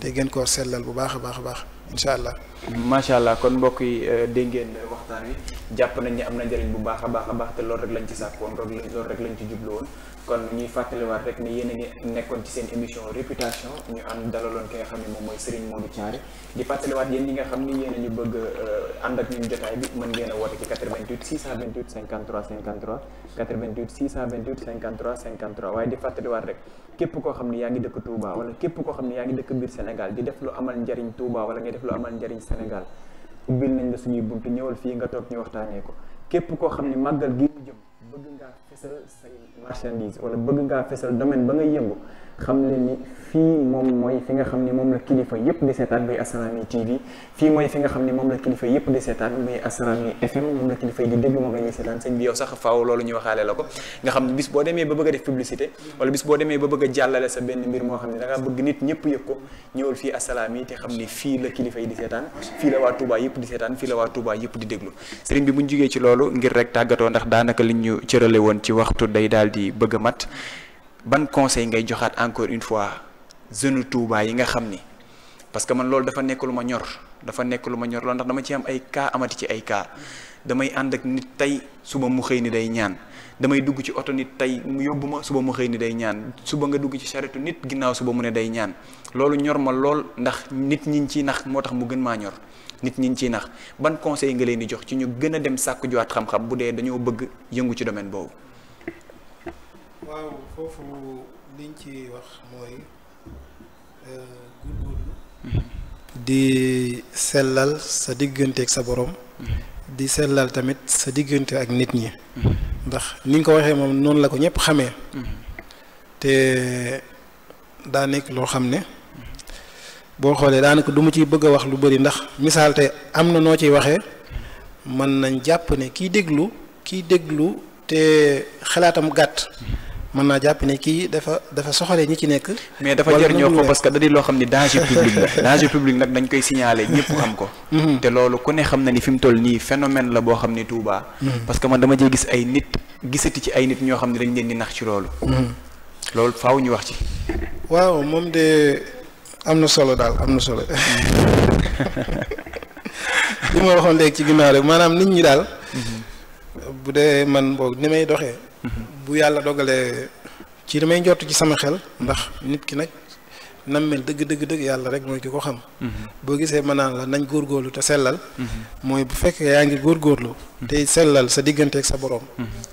te gën koo sellal bu baax a baax a baax incha allah macha allah kon mbokk yi euh, dégg ngeen waxtaan wi jàpp nañ ñi am na njëriñ bu baax a baax a baax te loolu rek lañ ci sàkk woon loolu rek lañ ci jublu woon kon ñuy fàttaliwaat rek ne yéen a ngi nekkoon ci seen émission réputation ñu am dalaloon ki nga xam ne moom mooy Serigne Modou Thiaré di fàttaliwaat yéen ñi nga xam ne yéen a ñu bëgg euh, ànd ak ñun jotaay bi mën ngeen di fàttaliwaat rek képp koo xam ne yaa ngi dëkk Touba wala képp koo xam ne yaa ngi dëkk biir Sénégal di def lu amal njariñ Touba wala nga def lu amal njariñ Sénégal ubbil nañ la suñuy buntu ñëwal fii nga toog ñu waxtaanee ko képp koo xam ne màggal gi bëgg ngaa fesal domaine ba nga yëngu xam leen ni fii moom mooy fi nga xam ni moom la kilifa yëpp di seetaan muy Assalaamy TV fii moom la kilifa yëpp di seetaan muy yi di déglu moom la ñuy a def publicité wala bis boo a nit ñëpp yëg ko ñëwal fii Assalaamy te xam ni fii la kilifa yi di seetaan fii la waa Touba yëpp di seetaan fii la waa Touba yëpp di déglu sëriñ bi bu ñu ci loolu ngir rek tàggatoo ndax daanaka li ñu cërale woon ci waxtu day daal di bëgg mat ban conseil ngay joxaat encore une fois jeune Touba yi nga xam ni parce que man loolu dafa nekk lu ma ñor dafa nekk lu ma ñor loolu ndax dama ci am ay kaa amati ci ay cas damay ànd ak nit tey suba mu xëy ni day ñaan damay dugg ci oto nit tey mu yóbbu ma suba mu xëy ni day ñaan suba nga dugg ci saretu nit ginnaaw suba mu ne day ñaan loolu ñor ma lool ndax nit ñi ci nax moo tax mu gën maa ñor nit ñi ciy nax ban conseil nga leen di jox ci ñu gën a dem sàkku juwaat xam-xam bu dee dañoo bëgg yëngu ci domaine boobu. waaw foofu ci wax mooy euh, góorgóorlu mm-hmm. di sellal sa diggante ak sa boroom mm-hmm. di sellal tamit sa diggante ak nit ñi. Mm-hmm. ndax ni nga ko waxee moom noonu la ko ñëpp xamee. te daa nekk loo xam ne. boo xoolee daanaka du mu ciy bëgg a wax lu bëri ndax misaal te am na noo ciy waxee man nañ jàpp ne kiy déglu kiy déglu te xalaatam gàtt mën naa jàpp ne kii dafa dafa soxalee ñi ci nekk. mais dafa jëriñoo ko parce que da loo xam ne danger public la danger nag dañ koy signaler ñëpp xam ko. Mm-hmm. te loolu ku ne xam na ni fi mu toll nii phénomène la boo xam ni Touba. Mm-hmm. parce que man dama jee gis ay nit gisati ci ay nit ñoo xam ne dañ leen di nax ci loolu. Mm-hmm. loolu faaw ñu wax ci. waaw moom am na solo daal am na solo li ma waxoon léegi ci ginnaaw rek maanaam nit ñi daal bu dee man mboog ni may doxee bu yàlla dogalee ci li may njort ci sama xel ndax nit ki nag nam mel dëgg dëgg dëgg yàlla rek mooy ki ko xam boo gisee ma naan la nañ góor góorlu te sellal mooy bu fekkee yaa ngi góorlu tey sellal sa digganteeg sa borom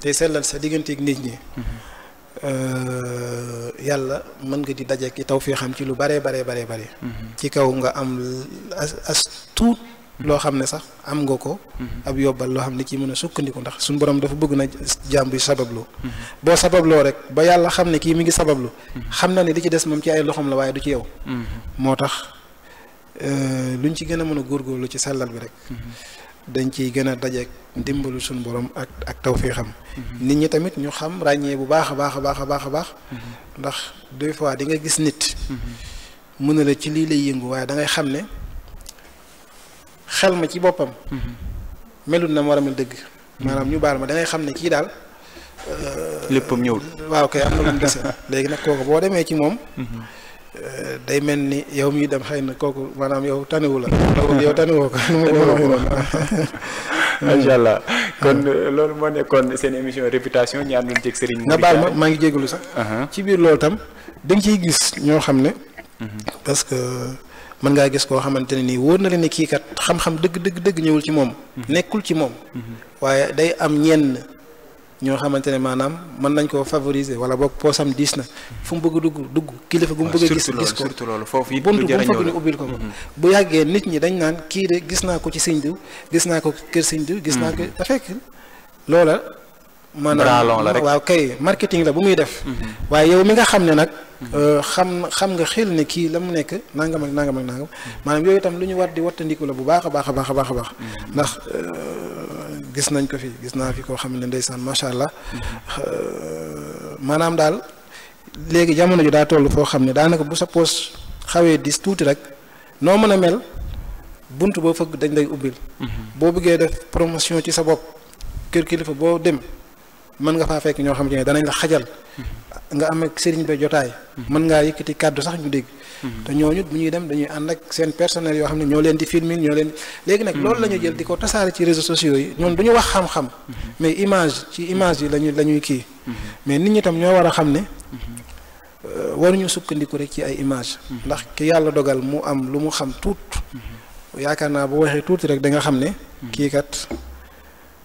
tey sellal sa digganteek nit ñi Euh, yàlla mën nga di dajeek i taw fii xam ci lu baree baree baree bare mhm. ci kaw nga am as tuut loo xam ne sax am nga ko mhm. ab yóbbal loo xam ne ci mën a sukkandiku ndax suñ borom dafa bëgg na jàmb bi sababloo mhm. boo sababloo rek ba yàlla xam ne kii mi ngi sabablu xam na ne li ci des moom ci ay loxoom la waaye du ci yaw moo tax euh, luñ ci gën a mën a góorlu ci sellal bi rek dañ ciy gën a dajeek ndimbalu suñu borom ak ak taw tawféexam mhm. nit ñi tamit ñu xam ràññee bu baax a baax a baax a baax a baax mhm. ndax des fois di nga gis nit mhm. mën na la ci lii lay yëngu waaye dangay xam ne xel ma ci boppam melut na war a ma dëgg maanaam ñu baal ma dangay xam ne kii daal léppam ñëwul waaw kay am na lu mu léegi nag kooku boo demee ci moom Eh, day mel ni yow mii dem xëy na kooku maanaam yow tanewu la yow tanewoo ko macha allah kon eh, loolu moo nekkoon seen émission réputation ñu àndoon ceeg nga baal ma maa ngi jégalu sax uh-huh. ci biir loolu tam da nga ciy gis ñoo xam ne mm-hmm. parce que mën ngaa gis koo xamante ne nii wóor na leen kii kat xam-xam dëgg dëgg dëgg ñëwul ci moom mm-hmm. nekkul ci moom mm-hmm. waaye day am ñenn ñoo xamante ne maanaam mën nañ koo favoriser wala boog poosam diis na fu mu bëgg dugg dugg kilifa gu mu ah, bëgg a gis gis ko foofu it buntu bu mu fëgg ñu ubbil ko ko mm-hmm. bu yàggee nit ñi dañ naan kii de gis naa ko ci sëñ diw gis naa ko kër sëñ diw gis naa ko mm-hmm. te fekk loola maanaam waaw kay marketing la bu muy def mm-hmm. waaye yow mi nga xam ne nag euh, xam xam nga xel ne kii la mu nekk nangam ak nangam ak nangam maanaam yooyu itam lu ñu war di wattandiku la bu baax a baax a baax a baax a euh, gis nañ ko fi gis naa fi koo xam ne ndeysaan macha allah euh, maanaam daal léegi jamono ji daa toll foo xam ne daanaka bu sa poos xawee dis tuuti rek noo mën a mel bunt boo fëgg dañ lay ubbil. Mhm. boo bëggee def promotion ci sa bopp kër kilifa boo dem mën nga faa fekk ñoo xam ne danañ la xajal. Mhm. nga am ak sëriñ ba jotaay. mën ngaa yëkkati kàddu sax ñu dégg. Mhm. te ñooñu bu ñuy dem dañuy ànd ak seen personnel yoo xam ne ñoo leen di filmer ñoo leen léegi nag loolu la ñu jël di ko tasaare ci réseaux sociaux yi ñoom du ñu wax xam-xam. Mhm. mais image ci image yi lañuy la kii. Mhm. mais nit ñi tam ñoo war a xam ne. Euh, waruñu sukkandiku rek ci ay image ndax ki yàlla dogal mu am lu mu xam tuut. yaakaar naa bu waxee tuuti rek da nga xam ne. kii kat.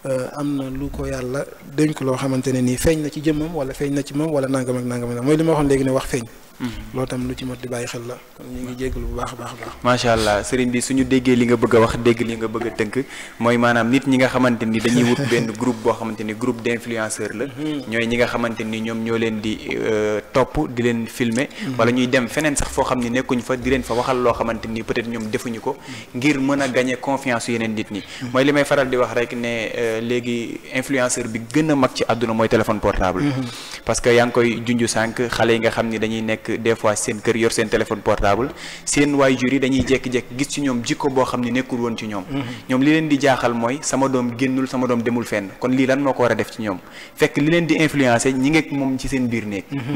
Euh, am na lu ko yàlla dénk loo xamante ne nii feeñ na ci jëmmam wala feeñ na ci moom wala nangam ak nangam mooy li moo waxoon léegi ne wax feeñ. loolu tam lu ci mat la kon ñu ngi jéggalu bu baax a baax a baax macha allah sëriñ bi suñu déggee li nga bëgg a wax dégg li nga bëgg a tënk mooy maanaam nit ñi nga xamante ni dañuy wut benn groupe boo xamante ni groupe d'influenceur la mm-hmm. ñooy ñi nga xamante ni ñoom ñoo leen di euh, topp di leen filmer mm-hmm. wala ñuy dem feneen sax foo xam ni nekkuñu fa di leen fa waxal loo xamante ni peut-être ñoom defuñu ko mm-hmm. ngir mën a gagner confiance yeneen nit ñi mooy li may faral di wax rek ne euh, léegi influenceur bi gën a ci àdduna mooy téléphone portable parce yi nga xam ni dañuy nekk nekk des fois seen kër yor seen téléphone portable seen waajur yi dañuy jékki-jékki gis ci ñoom jikko boo xam ne nekkul woon ci ñoom mm-hmm. ñoom li leen di jaaxal mooy sama doom génnul sama doom demul fenn kon a mm-hmm.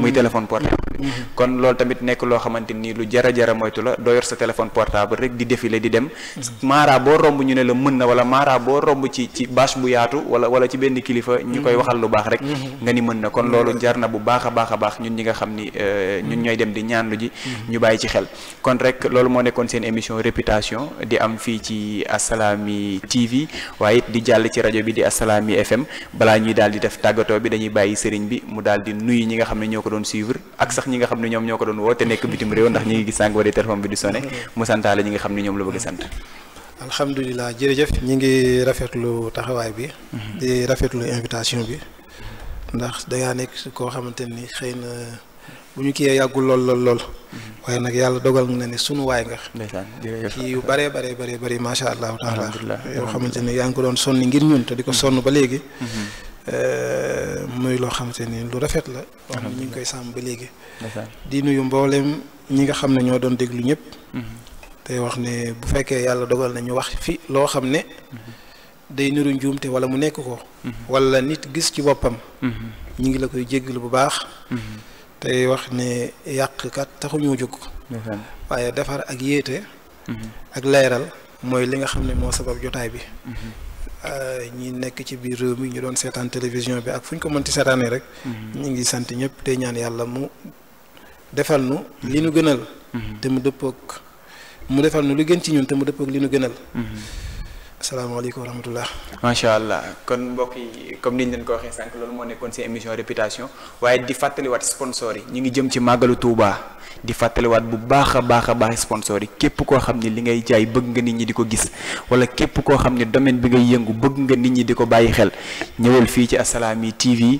mm-hmm. loolu tamit nekk loo xamante nii lu jara jara moytu la doo yor sa téléphone portable rek di défilé di dem maara boo romb ñu ne la mën na wala maara boo romb ci ci bâche bu yaatu wala ci benn kilifa ñu koy waxal lu baax rek nga ni mën na kon loolu jar a a ñun ñooy dem di ñaanlu ji ñu bàyyi ci xel kon rek loolu moo nekkoon seen émission réputation di am fii ci Assalaamy TV waaye di jàll ci rajo bi di Assalaamy FM balaa ñuy daal di def tàggatoo bi dañuy bàyyi sëriñ bi mu daal di nuy ñi nga xam ne ñoo ko doon suivre ak sax ñi nga xam ne ñoom ñoo ko doon woo te nekk bitim réew ndax ñi ngi gis sànq wala téléphone bi di sonné mu santaale ñi nga xam ne ñoom la bëgg a sant alhamdulilah jërëjëf ñi ngi rafetlu taxawaay bi mhm. di rafetlu invitation bi ndax dangaa nekk koo na bu ñu kiyee yàggul lool lool lool waaye nag yàlla dogal na ne sunu waay nga ci yu bare bare bare bari macha allahu taala yoo xamante ne yaa ngi ko doon sonni ngir ñun te di ko sonn ba léegi mm-hmm. eh, muy loo xamante ni lu rafet la loo ne ñu ngi koy sàmm ba léegi di nuyu mbooleem ñi nga xam ne ñoo doon déglu ñëpp mm-hmm. tey wax ne bu fekkee yàlla dogal na ñu wax fi loo xam ne mm-hmm. day nuru njuumte wala mu nekk ko wala nit gis ci boppam ñu ngi la koy jéggalu bu baax tey wax ne yàqkat taxuñoo jóg waaye defar ak yéete mm-hmm. ak leeral mooy li nga xam ne moo sabab jotaay bi mm-hmm. euh, ñi nekk ci biir réew mi ñu doon seetaan télévision bi ak fu ñu ko mënti seetaanee rek mm-hmm. ñu ngi sant ñëpp tey ñaan yàlla mu defal nu li nu gënal te mu dëppook mu defal nu lu gën ci ñun te mu dëppook li nu gënal asalaamaaleykum wa rahmatullah macha allah kon mbokk yi comme niñ leen ko waxee sànq loolu moo nekkoon seen émission réputation waaye di fàttaliwaat sponsor yi ñu ngi jëm ci màggalu Touba di fàttaliwaat bu baax a baax a baax sponsor yi képp koo xam ne li ngay jaay bëgg nga nit ñi di ko gis wala képp koo xam ne domaine bi ngay yëngu bëgg nga nit ñi di ko bàyyi xel ñëwal fii ci Assalaamy TV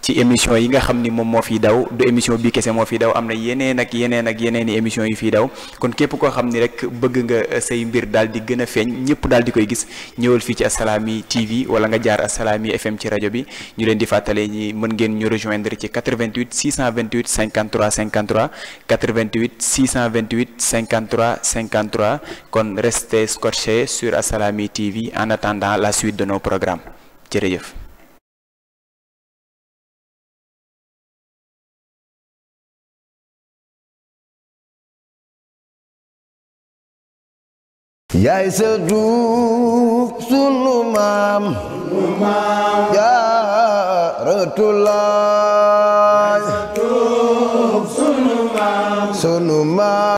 ci émission yi nga xam ni moom moo fiy daw du émission bi kese moo fi daw am na yeneen ak yeneen ak yeneen i émission yi fiy daw kon képp koo xam ni rek bëgg nga uh, say mbir daal di gën a feeñ ñëpp daal di koy gis ñëwal fii ci Assalaamy TV wala nga jaar Assalaamy FM ci rajo bi ñu leen di fàttale ñi mën ngeen ñu rejoindre ci 88 628 53 53 88 628 53 53 kon restez scotché sur Assalaamy TV en attendant la suite de nos programmes jërëjëf yaay sa duug sunu maam jaaratullaay sunu maam